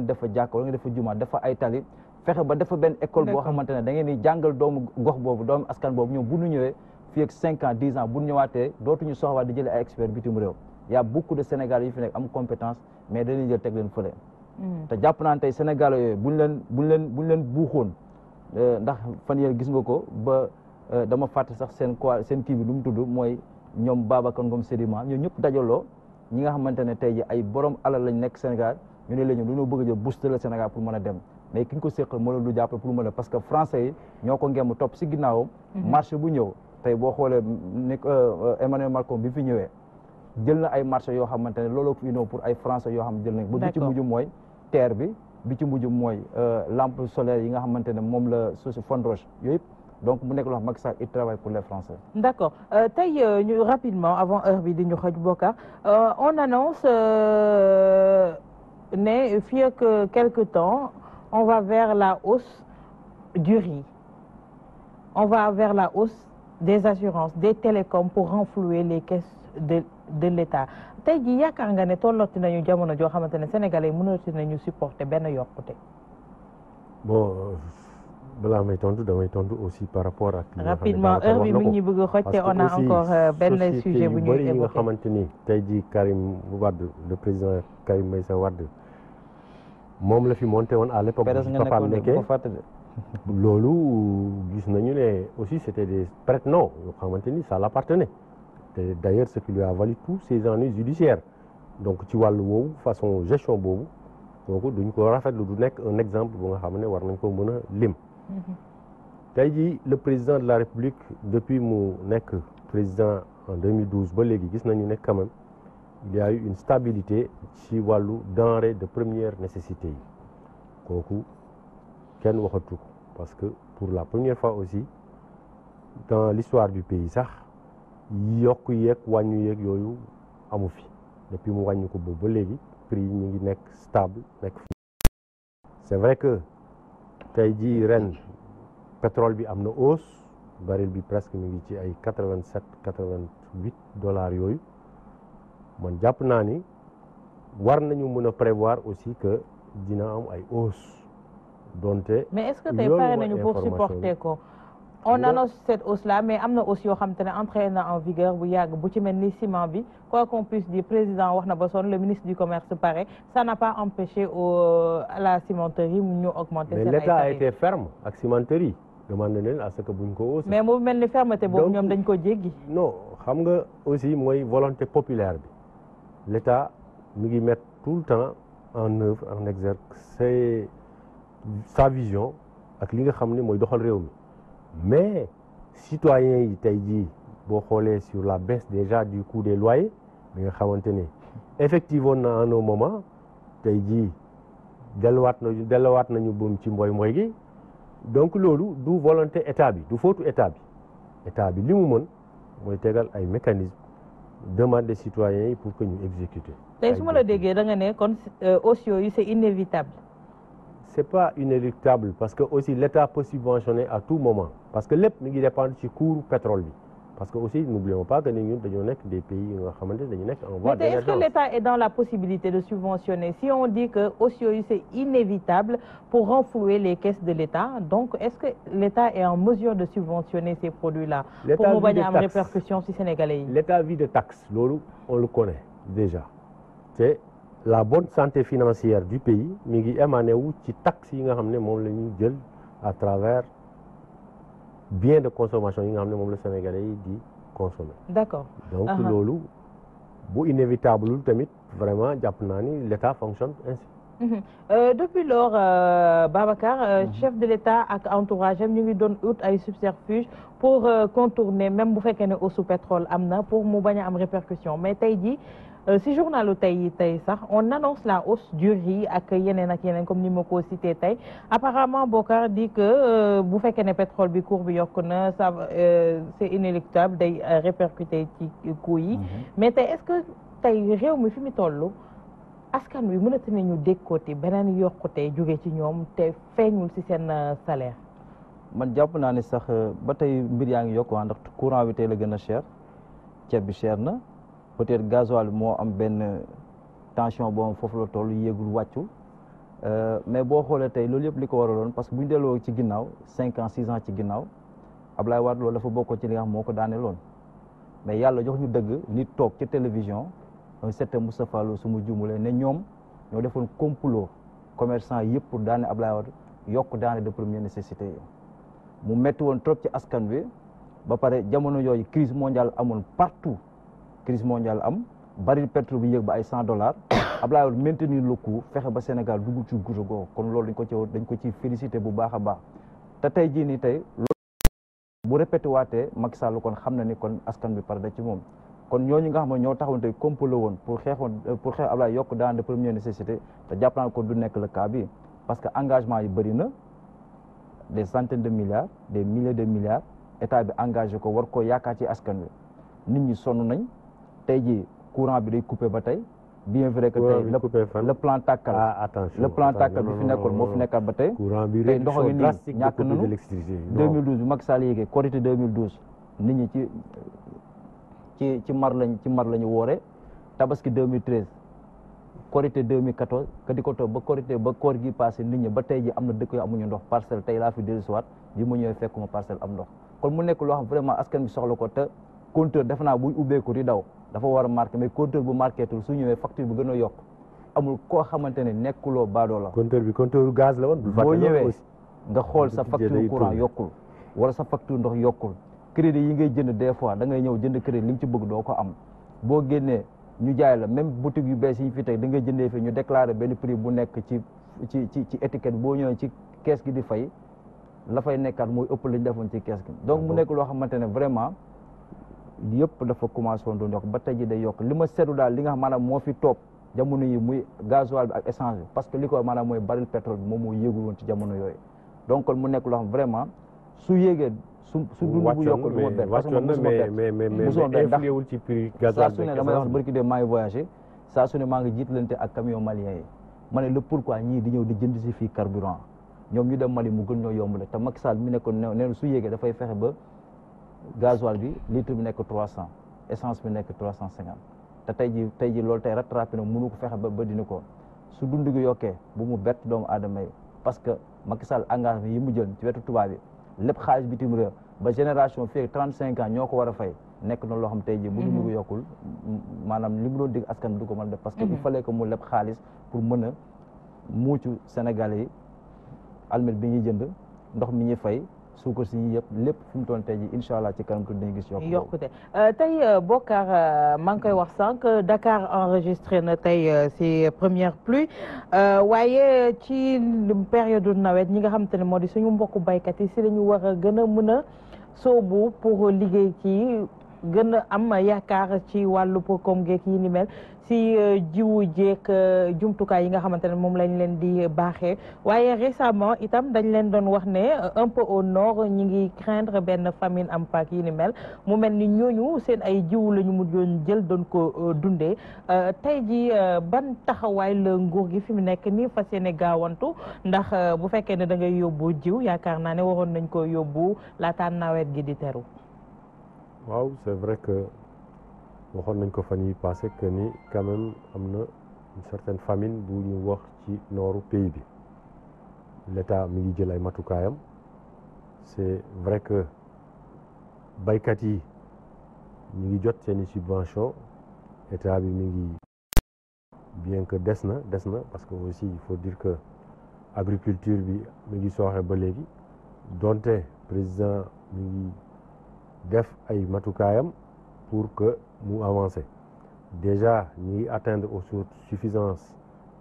def fa jàkk wala ngeen fexe ba dafa benn école boo xamante ne da ngeen di jàngal doomu gox boobu doomu askan boobu ñoom bu ñu ñëwee fii ak cinq dix ans bu ñu ñëwaatee dootuñu soxlaa di jële ay expert bitim réew y' a beaucoup de Sénégalais yu fi nekk am compétence mais dañuy jël teg leen fële. Hmm. te jàpp naa ne tey Sénégalais yooyu buñ leen buñ leen buñ leen buuxoon euh, ndax fan yéen gis nga ko ba euh, dama fàtte sax seen quoi seen kii bi lu mu tudd mooy ñoom Babacar Ngom Sedima ñoo ñëpp dajaloo ñi nga xamante ne tey ji ay borom alal lañ nekk Sénégal. ñu ne la ñu dañoo bëgg a jël Sénégal pour mën dem mais ki ñu moo leen du pour mën parce que français yi ñoo ko ngem topp si mhm. marché bu ñëw tey boo xoolee ni euh, Emmanuel Macron bi fi ñëwee jël na ay marché yoo xamante ne looloo fi ñëw pour ay français yoo xam jël nañ ba bi ci mujj mooy terre bi bi mujj mooy euh, lampe solaire yi nga xamante ne moom la su fond roche yooyu donc mu nekk loo xam Macky Sall il travaille pour les Français. d' mais fii quelque temps on va vers la hausse du riz on va vers la hausse des assurances des télécoms pour renflouer les caisses de de l'État tey jii yaakaar nga ne tollooti nañu jamono joo xamante ne sénégalais yi mënati nañu supporter benn yokkute. bon balaa may tontu damay tontu aussi par rapport ak. rapidement heure bi mi ngi bëgg a xocce on a encore euh, benn sujet bu ñuy évoqué parce ni tey jii Karim Wade le président Karim Meïssa Wade. moom la fi monté woon à l'époque Fapal nekkee loolu gis nañu ne aussi c'était des prête-noms yoo xamante ni ça l'appartenait te d'ailleurs ce qui lui a valu tous ses ennuis judiciaires donc ci wàllu woowu façon gestion boobu kooku duñ ko rafetlu du nekk un exemple bu nga xam ne war nañ ko mën a lim mhm. tey jii le président de la République depuis mu nekk président en 2012 ba léegi gis nañu ne quand il y une stabilité ci wàllu denrée de première nécessité yi kooku kenn waxatu parce que pour la première fois aussi dans l'histoire du pays sax yokk yéeg wàññu yeeg yooyu amu fi depuis mu wàññi ko boobu ba léegi prix yi ñu ngi nekk stable nekk fu c'est vrai que tey jii ren pétrole bi am na hausse baril bi presque mu ngi ci ay quatre-vingt-sept quatre vingt dollars yooyu man jàpp naa ni war nañu mun a prévoir aussi que dina am ay hausse donte. mais est-ce que tey pare nañu pour supporter ko. on annonce cette hausse la mais am na hausse yoo xam te ne entrée na en vigueur bu yàgg bu ci mel ni ciment bi quoi qu'on puisse dire président wax na ba sonn le ministre du commerce pare ça n'a pas empêché au à la cimenterie mu ñu augmenter. mais l'État a été ferme ak cimenterie demande leen à ce que buñ ko hausse. mais mu mel ni fermeté boobu ñoom dañ ko jéggi. non xam nga aussi mooy volonté populaire bi. l'État mi ngi mettre tout le temps en œuvre en exergue c'est sa vision ak li nga xam ni mooy doxal réew mi mais citoyens yi tey jii boo xoolee sur la baisse déjà du coût des loyers bi nga xamante ne effective woon na en un moment tey jii delluwaat nañu delluwaat nañu buum ci mboy mboy gi donc loolu du volonté état bi du fautu état bi état bi li mu mën mooy tegal ay mécanismes demande des citoyens yi pour que ñu exécuter. tey su ma la déggee da nga ne kon hausse yooyu c'est inévitable. c'est pas inéluctable parce que aussi l'État peut subventionner à tout moment parce que lépp mi ngi dépendre ci cours pétrole bi. parce que aussi n'oublions pas que ñun dañoo nekk des pays yi nga xamante ne dañu nekk en voie d'émergence. est l'État est dans la possibilité de subventionner si on dit que hausse yooyu c'est inévitable pour renflouer les caisses de l'État donc ce que l'État est en mesure de subventionner ces produits-là pour mu bañ a am répercussion ci Sénégalais L'État vit de taxes loolu on le connaît déjà te la bonne santé financière du pays mi ngi émané wu ci taxes yi nga xam ne moom la ñuy jël à travers bien de consommation yi nga xam ne moom la Sénégalais yi di consommer. d'accord donc loolu bu inévitable tamit vraiment jàpp naa ni l'État fonctionne ainsi. Mmh. depuis lors euh, Babacar euh, mhm. chef de l'État ak entourage am ñu ngi doon ut ay subterfuge pour euh, contourner même bu fekkee ne au sous am na pour mu bañ a am répercussion mais tey jii Euh, si journalu tey tey sax on annonce la hausse du ak yeneen ak yeneen comme ni ma ko cité tey apparemment Bocar di que euh, bu fekkee ne pétrole bi cours bi yokk na ça euh, c'est inéluctable day répercuter ci coût yi mhm. mais tey est-ce que tey réew mi fi mu toll askan wi mun a mënati nañu dékkooti beneen yokkute jóge ci ñoom te feeñul ci seen salaire man jàpp naa ne sax ba tey mbir yaa ngi yokku ndax courant bi tey la gën a cher ceeb bi cher na peut-être gasoil moo am benn tension boo foofu la toll yéegul wàccu euh, mais boo xoolee tey loolu yëpp li ko waraloon parce que bu ñu delloo ci ginnaaw cinq ans six ans ci ginnaaw Ablaye Wade loolu dafa bokkoon ci li nga xam moo ko daane loon mais yàlla jox ñu dëgg ni toog ci télévision un certain Moustapha Lo su ma juumalee ne ñoom ñoo defoon complot commerçant yëpp pour daane Ablaye Wade yokk daane de première nécessité mu metti woon ci askan wi ba pare jamono yooyu crise mondiale amoon partout crise mondiale am bari pétrole bi yëg ba ay cent dollars Abdoulaye Wade maintenir le fexe ba Sénégal dugg ci gouta googu kon loolu dañ ko ci dañ ko ci félicité bu baax a baax te tey jii nii tey bu répété waatee Macky Sall kon xam na ni kon askan bi pare da ci moom kon ñooñu nga xam ne ñoo taxawoon tey complot woon pour xeexoon pour xeex Abdoulaye yokk daan de première nécessité te jàpp naa ko du nekk le cas bi parce que engagement yi bëri na des centaines de milliards des milliers de milliards état bi engagé ko war koo yaakaar ci askan wi ñi tey jii courant bi di coupé ba tey bien vrai que tey le plan tàkkal ah, le plan tàkkal bi fi nekkoon moo fi nekkal ba tey tey ndox gi nii ñàkk nañu 2012 bi Macky Sall yéegee korité 2012 nit ñi ci ci ci mar lañ ci mar la ñu woore tabaski 2013 korité 2014 que di ko toog ba korité ba koor gi passé nit ñi ba tey ji am na dëkk yoo amuñu ndox parcelle tey laa fi dellusiwaat bi mu ñëwee fekkuma parcel am ndox kon mu nekk loo xam vraiment askan bi soxla ko te compteur defe naa buy ubbeeku di daw dafa war a marqué mais compteur bu marqué tul su ñëwee facture bu gën a yokk amul koo xamante ne nekkuloo baadoo la. compteur bi compteur gaz la woon. boo ñëwee nga xool sa facture courant yokkul wala sa facture ndox yokkul crédit yi ngay jënd des fois da ngay ñëw jënd crédit li nga ci bëgg doo ko am boo génnee ñu jaay la même boutique yu bees yi fi teg da jëndee fi ñu déclaré benn prix bu nekk ci ci ci ci étiquette boo ñëwee ci kees gi di fay la fay nekkaat mooy ëpp la ñu defoon ci kees gi donc mu ah nekk loo xamante ne vraiment yëpp dafa commencé woon doon yokk ba tey ji day yokk li ma seetlu daal li nga xam maanaam moo fi toog jamono yi muy gasoil bi ak essence parce que li ko maanaam mooy baril pétrole bi moom moo yéegul woon ci jamono yooyu donc mu nekk loo vraiment su yéegee su su dund bu yokk du ma benn parce que mosuma benn mosuma benn ndax saa su ne damay wax maa ngi voyagé saa su ne maa ngi jiitalante ak camion malien yi ma ne le pourquoi ñii di ñëw di jënd si fii carburant ñoom ñu dem Mali mu gën ñoo yombale te Macky Sall mi nekkoon su yéegee dafay fexe ba gasoil bi litre bi nekk trois cent essence bi nekk trois cent cinquante te tey ji tey ji loolu tey rattrapé na mënu ko fexe ba ba dina ko su dund gi yokkee bu mu bett doomu aadama yi parce que Macky Sall engagement yi mu jël ci wetu tubaab yi lépp xaalis bitim réew ba génération fii ak trente cinq ñoo ko war a fay nekk na loo xam tey ji mu dund gu yokkul maanaam li mu doon dig askan du ko mën def parce que il mhm. fallait que mu lépp xaalis pour mën a muucu Sénégalais yi almet bi ñuy jënd ndox mi ñuy fay suukar si yëpp lépp fu mu toon tey ji incha ci kanam tuuti dañu yokkute euh, tey euh, Bokar euh, maa ngi koy wax sànq Dakar enregistré na tey ses premières pluies waaye ci période nawet ñi nga xamante ne moo di suñu mbokku baykat yi si lañu ñu war gën a mën a soobu pour liggéey ci gën a am yaakaar ci wàllu koom geek yi ni mel si euh, jiwu jeeg euh, jumtukaay yi nga xamante ne moom lañ leen di baaxee waaye récemment itam dañ leen doon wax ne euh, un peu au nord ñi ngi craindre benn famine am faak yi ni mel mu mel ni ñooñu seen ay jiwu la ñu mu doon jël doon ko dundee tey ji ban taxawaay la nguur gi fi mu nekk nii fas yéene gaawantu ndax bu fekkee ne da ngay yóbbu jiw yaakaar naa ne waroon nañ ko yóbbu laataan nawet gi di teru waaw c'est vrai que waxoon nañ ko fan yi passé que ni quand am na une certaine famine bu ñu wax ci nooru pays bi l'État mi ngi jël ay matukaayam c'est vrai que baykat yi ñu ngi jot seeni subvention état bi mi ngi bien que des na des na parce que aussi il faut dire que agriculture bi mi ngi sooxe ba léegi donte président mi ngi def ay matukaayam pour que mu avancer déjà ñuy atteindre suffisance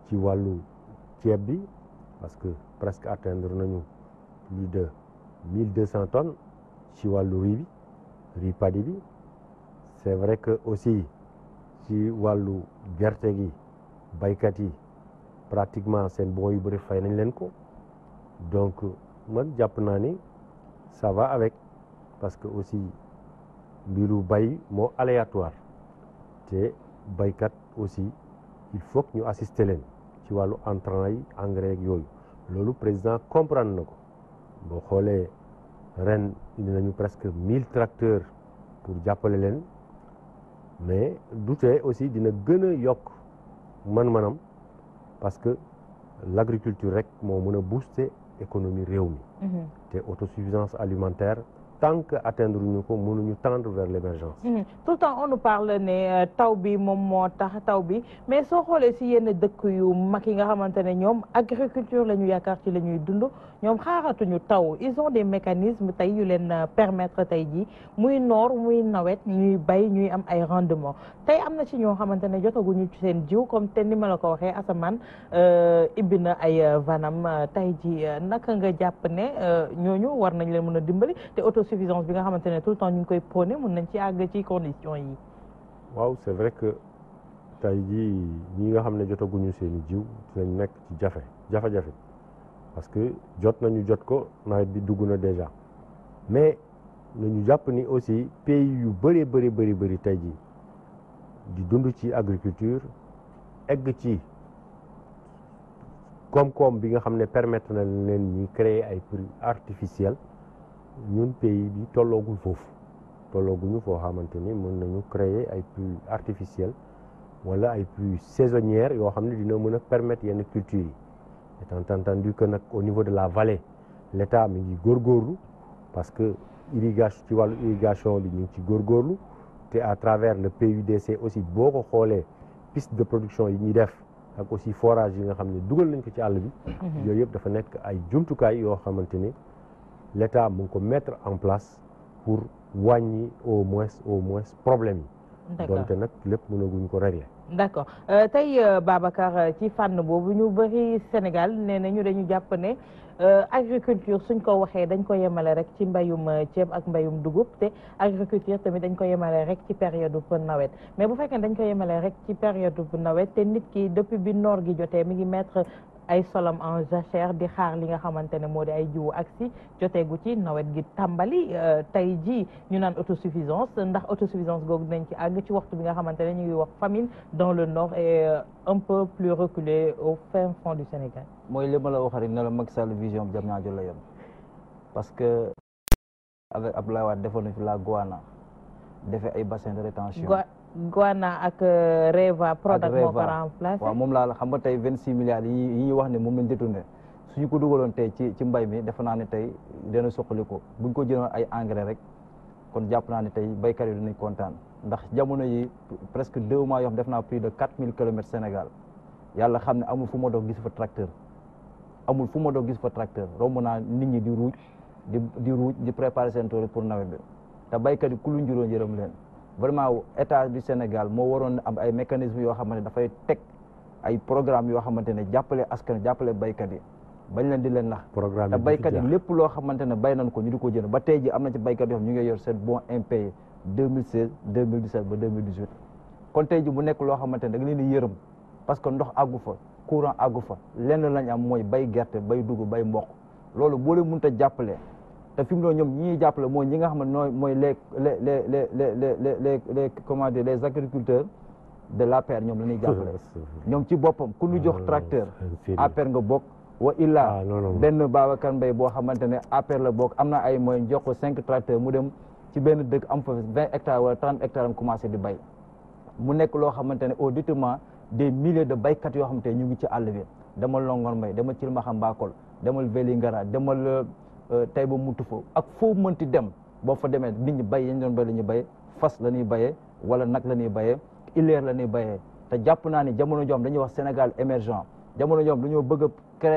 ci wàllu ceeb bi parce que presque atteindre nañu plus de mille deux cent tonnes ci wàllu riz bi riz padi bi c'est vrai que aussi ci wàllu gerte gi baykat yi pratiquement seen bon yu bëri fay nañ leen ko donc man jàpp naa ni ça va avec parce que aussi mbiru bay moo aléatoire te baykat aussi il faut ñu assister leen ci wàllu intrants yi engrais yooyu loolu président comprendre na ko boo xoolee ren indi nañu presque mille tracteurs pour jàppale leen mais du aussi dina gën a yokk man-manam parce que lagriculture rek moo mën a booster économie réew mi mm-hmm. te autosuffisance alimentaire tant que atteindre ñu ko mënuñu tendre vers l' émergence. Mhm. tout le temps on nous parle ne euh, taw bi moom moo tax taw bi mais soo xoolee si yenn dëkk yu mag yi nga xamante ne ñoom agriculture la ñu yaakaar ci la ñuy dund ñoom xaaratuñu taw ils des mécanismes tey yu leen euh, permettre tey jii muy noor muy nawet ñuy bay ñuy am ay rendement tey am na ci ñoo xamante ne jotaguñu ci seen jiw comme te ni ma la ko waxee asamaan euh, ibbi na ay vanam tey ji naka nga jàpp ne ñooñu war nañ leen mën a dimbali te autosuffisance bi nga xamante ne tout le koy prôné mun nañ ci àgg ci condition yi. waaw c'est vrai que tey jii ñi nga xam ne jotaguñu seen i jiw dinañ nekk ci jafe jafe-jafe parce que jot nañu jot ko nawet bi dugg na déjà mais nañu jàpp ni aussi pays yu bëree bëri bëri bëri tey jii di dund ci agriculture egg ci. koom-koom bi nga xam ne permettre na leen ñu créer ay prix artificiels ñun pays bi tolloogul foofu tollooguñu foo xamante ni mën nañu créer ay pluies artificielles wala ay pluies saisonnières yoo xam ne dina mën a permettre yenn cultures yi étant entendu que nag au niveau de la vallée l' état mi ngi góorgóorlu parce que irrigation ci wàllu irrigation bi ñu ngi ci góorgóorlu te à travers le PUDC aussi boo ko xoolee piste de production yi ñuy def ak aussi forage yi nga xam ne dugal nañ ko ci àll bi mm-hmm. yooyu yëpp dafa nekk ay jumtukaay l'État mu ngi ko mettre en place pour wàññi au moins au moins problème yi donte nag lépp mënaguñ ko régler d'accord euh, tey euh, euh ci fànn boobu ñu bëri Sénégal nee ñu dañu jàpp ne euh, agriculture suñ ko waxee dañ ko yemale rek ci mbayum euh, ceeb ak mbayum dugub te agriculture tamit dañ ko yemale rek ci période bu nawet mais bu fekkee dañ ko yemale rek ci période bu nawet te nit ki depuis bi noor gi jotee mi ngi mettre ay solam en jachère di xaar li nga xamante ne moo di ay jiw ak si joteegu ci nawet gi tàmbali euh, tey ji ñu naan autosuffisance ndax autosuffisance googu dinañ ci àgg ci waxtu bi nga xamante ne ñu ngi wax famine dans le nord et euh, un peu plus reculé au fin fond du Sénégal. mooy li ma la wax rek ne la Macky Sall vision bi jam ñaajo la parce que avec Abdoulaye Wade defoon na la Guana defee ay bassin de rétention Goana ak euh, Reva. Prodac moo ko remplacé moom laa xam nga tey vingt six milliards yi ñu wax ne moom lañ détourné suñu ko dugaloon tey ci ci mbay mi defe naa ne tey dina soqali ko buñ ko jëloon ay engrais rek kon jàpp naa ne tey béykat yi dinañ kontaan ndax jamono yi presque deux mois yoo xam def naa plus de quatre mille kilomètres Sénégal yàlla xam ne amul fu ma dox gis fa tracteur amul fu ma dox gis fa tracteur romb naa nit ñi di ruuj di di ruuj di préparer seen tool pour nawet bi te béykat yi ku lu njuróo leen vraiment état du Sénégal moo waroon am ay mécanismes yoo xamante ne dafay teg ay programme yoo xamante ne jàppale askan jàppale baykat yi bañ leen di leen nax te baykat yi lépp loo xamante ne bay nañ ko ñu di ko jënd ba tey ji am na ci baykat yoo xam ñu ngi yor seen bon impayé 2016 2017 ba 2018 kon tey ji bu nekk loo xamante ne da nga leen di yërëm parce que ndox agu fa courant agu fa lenn lañ am mooy bay gerte bay dugub bay mboq loolu boo mun mënut a jàppale te fim mu ñoom ñi ñuy jàppale mooy ñi nga xam ne nooy mooy les les le le les les les comment dire les agriculteurs de l'APR ñoom la ñuy jàppale ñoom ci boppam ku ñu jox ah, tracteur APR nga bokk wa illaa ah, benn Babacar Mbaye boo xamante ne APR la bokk am na ay moyens jox ko cinq tracteurs mu dem ci benn dëkk am fa vingt hectares wala trente hectares commencé di bay mu nekk loo xamante ne au détriment des milliers de baykat yoo xamante te ñu ngi ci àll bi demal Longhor Mbaye demal Thilmakha Mbakol demal Vélingara demal euh, Euh, tey ba mu tufoo ak foo mënti dem boo fa demee nit ñi bay yañ doon bay la ñuy bay fas la ñuy bayee wala nag la ñuy bayee ileer la ñuy bayee te jàpp naa ni jamono joom dañuy wax Sénégal émergent jamono joom dañoo bëgg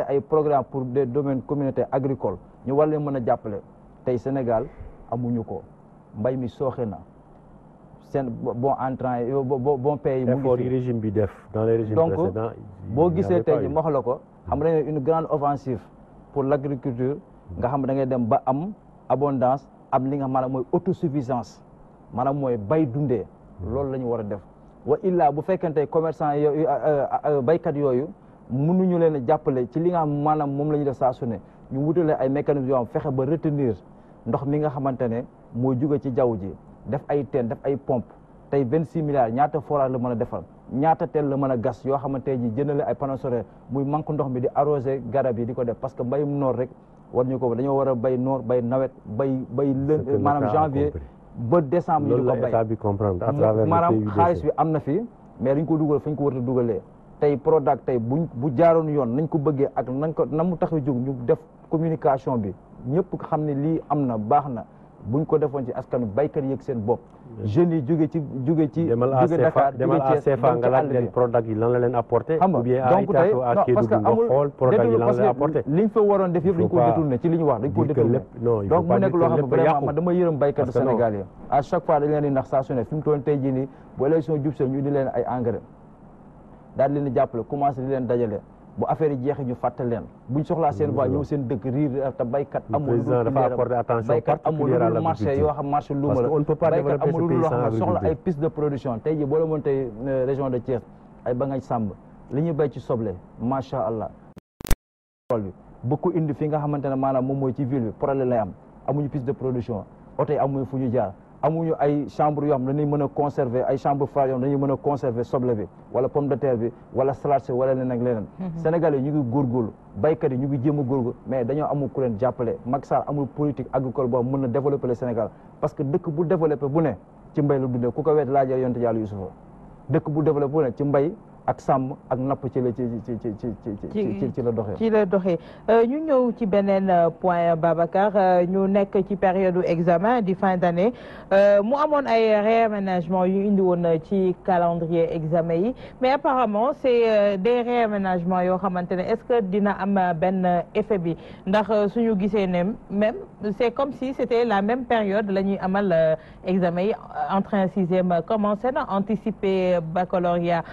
ay programme pour de domaines communautaires agricoles ñu war leen mën a jàppale tey Sénégal amuñu ko mbay mi sooxe na seen bon entrant bon bon pays. mu ngi fi régime bi def donc boo gisee tey ji ma la ko xam nañu une grande offensive pour l' nga xam ne da ngay dem ba am abondance am li nga xam maanaam mooy auto suffisance maanaam mooy bay dundee loolu la ñu war a def wa illa bu fekkente commerçant yooyu baykat yooyu mënuñu leen a jàppale ci li nga xam maanaam moom la ñu def saa ne ñu wutale ay mécanismes yoo xam fexe ba retenir ndox mi nga xamante ne mooy jóge ci jaww ji def ay teen def ay pompe tey vingt six milliards ñaata forage la mën a defal ñaata teen la mën a gas yoo xamante ji jëndale ay panneaux solaires muy ndox mi di arrosé yi di ko def parce que mbayum noor rek war ñu ko dañoo war a bay noor bay nawet bay bay lën maanaam janvier ba décembre ñu di ko bay maanaam xaalis bi am na fi mais dañ ko dugal fañ ko war a dugalee tey Prodac tey buñ bu jaaroon yoon nañ ko bëggee ak nañ ko na mu tax a jóg ñu def communication bi ñëpp xam ne lii am na baax na bu buñ ko defoon ci aska askanu baykat yeeg seen bopp jeunes yi jóge ci jóge ci jóge ci demal à CFA yi lan la leen apporté xam nga donc tey non parce que amul déedéet parce que liñ fa waroon def yëpp dañ ko détourné ci li ñu wax dañ ko détourné donc mu nekk loo xam ne vraiment man dama yërëm baykat du yi à chaque fois dañ nax saa su ne fi mu toon tey jii nii bu élection jub ñu indi leen ay engrais daal leen di jàppale commencé di leen dajale bu affaire yi jeexee ñu fàttali leen bu buñ soxlaa seen voix ñëw seen dëkk riir euh, te béykat amul béykat amul lu marché yoo xam marché luuma la béykat amul lu loo xam soxla ay piste de production te ji boo demoon tey euh, région de Thiès ay ba ngay sàmb li ñu béy ci soble macha allah tool bi bu ko indi fi nga xamante ne maanaam moom mooy ci ville bi problème lay am amuñu piste de production oto yi amuñu fu ñu jaar amuñu ay chambre yoo xam dañuy mën a conserver ay chambre froide yoo dañuy mën a conserver soble bi wala pomme de terre bi wala salade si wala leneen ak leneen mhm. sénégalais yi ñu ngi góorgóorlu baykat yi ñu ngi jéem a góorgóorlu mais dañoo amul ku leen jàppale Macky Sall amul politique agricole boo xam mën na développer le Sénégal parce que dëkk bu développé bu ne ci mbay la dundee ku ko weet laajee yonte yàlla Yusufa dëkk bu développé bu ne ci mbay ak sàmm ak napp ci la ci ci la doxee. ci la doxee euh, ñu ñëw ci beneen euh, point Babacar euh, ñu nekk ci période examen di fin d'année mu amoon ay réaménagement yu indi woon ci calendrier examen yi mais apparemment c'est des réaménagements yoo xamante ne est-ce que dina am benn effet bi ndax suñu gisee ne même c'est comme si c'était la même période la ñuy amal examen yi entrée en sixième commencé na anticiper baccalauréat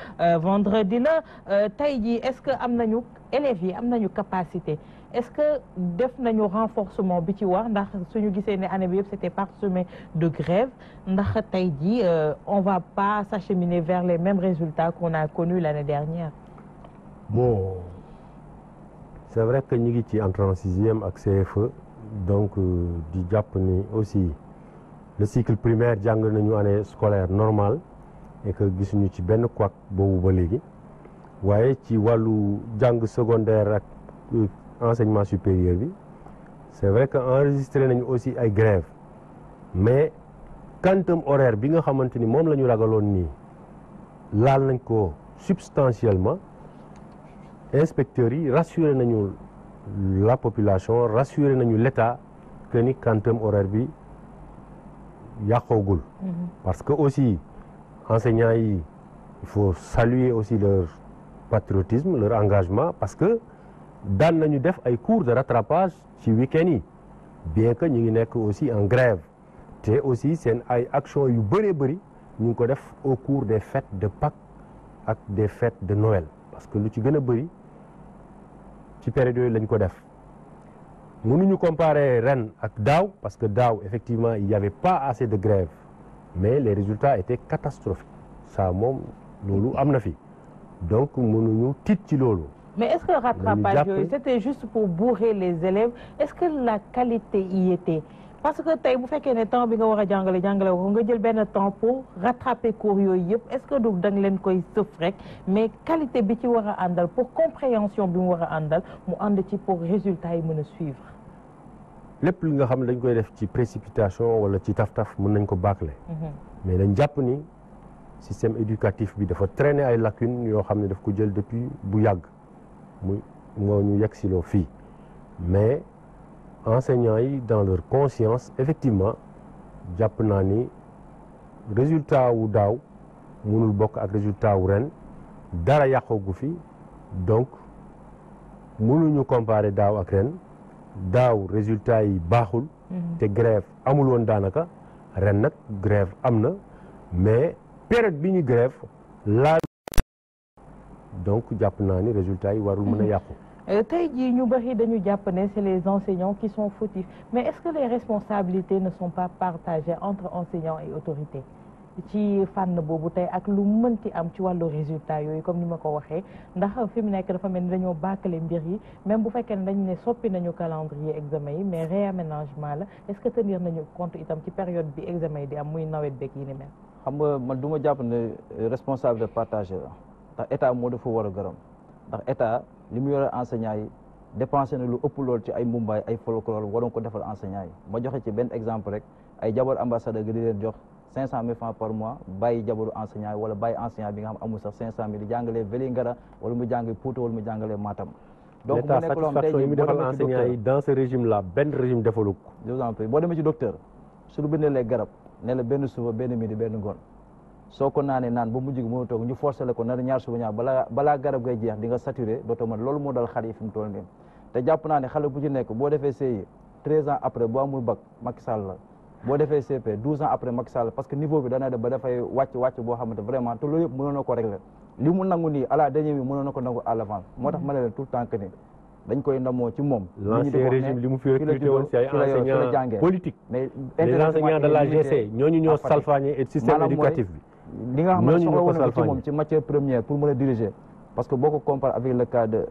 vendredi vendredi la euh, tey jii est-ce que am nañu élèves am nañu capacité est-ce que def nañu renforcement bi ci war ndax suñu gisee ne année bi yëpp c'était parsemé de grève ndax tey jii euh, on va pas s'acheminer vers les mêmes résultats qu'on a connus l'année dernière bon c'est vrai que ñu ngi ci entrée en sixième ak CFE donc euh, du jàpp ni aussi le cycle primaire jàng nañu année scolaire normal et que gisuñu ci benn quoi boobu ba léegi waaye ci wàllu jàng secondaire ak euh, enseignement supérieur bi c'est vrai que enregistré nañu aussi ay grève mais quantum horaire bi nga xamante ni moom la ñu ragaloon nii laal nañ ko substantiellement inspecteurs yi rassuré nañu la population rassuré nañu l'État que ni quantum horaire bi yàqoogul mm-hmm. parce que aussi enseignants yi il faut saluer aussi leur patriotisme leur engagement parce que daan nañu def ay cours de rattrapage ci week yi bien que ñu ngi nekk aussi en grève te aussi seen ay actions yu bëree bëri ñu ngi ko def au cours des fêtes de Pâques ak des fêtes de Noël parce que lu ci gën a bëri ci période yooyu lañ ko def mënuñu comparer ren ak daaw parce que daaw effectivement il y avait pas assez de grève mais les résultat étaient catastrophiques sa moom loolu am na fi donc ñu tiit ci loolu. mais est-ce que rattrapage yooyu c'était juste pour bourrer les élèves est-ce que la qualité y était parce que tey bu fekkee ne temps bi nga war a jàngale jàngale ko nga jël benn temps pour rattraper cours yooyu yëpp est-ce que du da nga leen koy sëf rek mais qualité bi ci war a àndal pour compréhension bi mu war a àndal mu ànd ci pour résultat yi mën a suivre. lépp li nga xam dañ koy def ci précipitation wala ci taf-taf mën nañ ko bâcler mhm. mais dañ jàpp ni système éducatif bi dafa traîner ay lacunes yoo xam ne daf ko jël depuis bu yàgg muy moo ñu yegg si loo fii mais enseignants yi dans leur conscience effectivement jàpp naa ni résultat wu daaw mënul bokk ak résultat wu ren dara yàqoogu fi donc mënuñu comparer daaw ak ren daaw résultat yi baaxul. Mhm. te grève amul woon daanaka ren nag grève am na mais période bi ñu grève laal donc jàpp naa ni résultat yi warul mën a mhm. yàqu. Euh, tey jii ñu bari dañu jàpp ne c'est les enseignants qui sont fautifs mais est-ce que les responsabilités ne sont pas partagées entre enseignants et autorités. ci fànn boobu tey ak lu mënti am ci wàllu résultat yooyu comme ni ma ko waxee ndax fi mu nekk dafa mel ni dañoo bàkkale mbir yi même bu fekkee ne dañ ne soppi nañu calendrier examen yi mais réaménagement la est-ce que tenir nañu compte itam ci période bi examen di am muy nawet beeg yi ni mel. xam nga man du ma jàpp ne responsabilité partage la ndax état moo dafa war a gërëm ndax état li mu yore enseignant yi dépensé na lu ëpp lool ci ay mbumbaay ay folklore waroon ko defal enseignant yi ma joxe ci benn exemple rek ay jabar ambassadeur gi di leen jox. cinq cent mille francs par mois bàyyi jabaru enseignant wala bàyyi enseignant bi nga xam amul sax cinq cent mille jàngalee Vélingara wala mu jàng Pouta wala mu jàngalee Matam donc mu nekk loo xam tey jii boo demee ci docteur l'état satisfaction yi mu defal benn régime defalu boo demee ci docteur su lu bindee les garab ne benn suba benn midi benn ngoon soo ko naanee naan ba mujj gi mënu toog ñu forcé la ko nar ñaar ba ñaar balaa balaa garab ngay jeex di nga saturé dootoo loolu moo dal xale yi fi mu toll nii te jàpp naa ne xale bu ci nekk boo defee séyi treize ans après boo amul bag Macky Sall la boo defee CP 12 ans après Macky Sall parce que niveau bi dana dem ba dafay wàcc wàcc boo xamante vraiment te loolu yëpp mënoon na ko régler li mu nangu nii à la dernière bi ko nangu à moo tax ma ne leen tout dañ koy ndamoo ci moom. l'ancien régime li mu fi recruté woon si ay enseignants politiques mais les enseignants de ñooñu ñoo salfaañe et système éducatif bi. li nga xam première pour mën a diriger parce que boo ko compare avec le cas de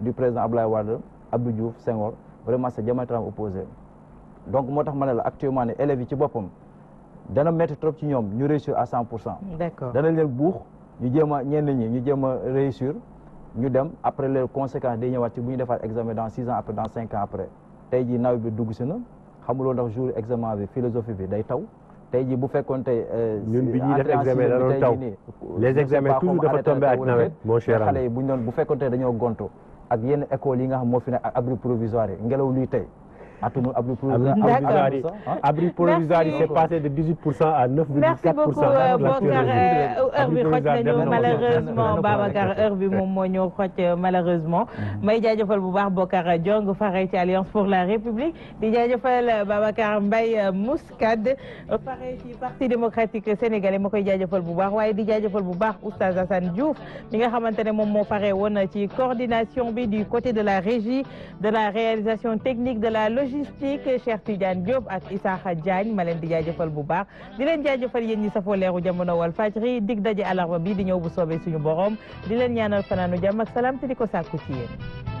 du président Abdoulaye Wade Abdou Diouf Senghor donc moo tax ma ne la actuellement ne élèves yi ci boppam dana métti trop ci ñoom ñu réussir à cent pour cent dana leen buux ñu jéem a ñenn ñi ñu jéem a réussir ñu dem après les conséquences day ñëwaat ci bu ñu defaat examen dans six ans après dans cinq ans après tey jii nawet bi dugg si na xamuloo ndax jour examen bi philosophie bi day taw tey jii bu fekkoon tey. Euh, ñun bi ñuy def examen da doon taw les examens toujours dafa tombé ak nawet mon cher xale yi bu ñu doon gonto ak yenn écoles yi nga xam moo fi ne ak ngelaw luy tey. atanu abri provisoire abri provisoire passé de pour cent à 9 merci beaucoup Bokar heure bi xoj nañu malheureusement Babacar heure bi moom moo ñëw xoj euh, malheureusement mhm. may jaajëfal bu baax Bokar Diong fare ci Alliance pour la République di jaajëfal euh, Babacar Mbaye euh, Mouskad fare ci Parti démocratique sénégalais ma koy jaajëfal bu baax waaye di jaajëfal bu baax Oustaz Assane Diouf mi nga xamante ne moom moo fare woon ci coordination bi du côté de la régie de la réalisation technique de la logistique logistique Cheikh Tidiane Diop ak Isaaxa Diagne ma leen di jaajëfal bu baax di leen jaajëfal yéen ñi safoo leeru jamono wal fajri dig daje alarba bi di ñëw bu soobee suñu borom di leen ñaanal fanaanu jàmm ak salaam te di ko sàkku ci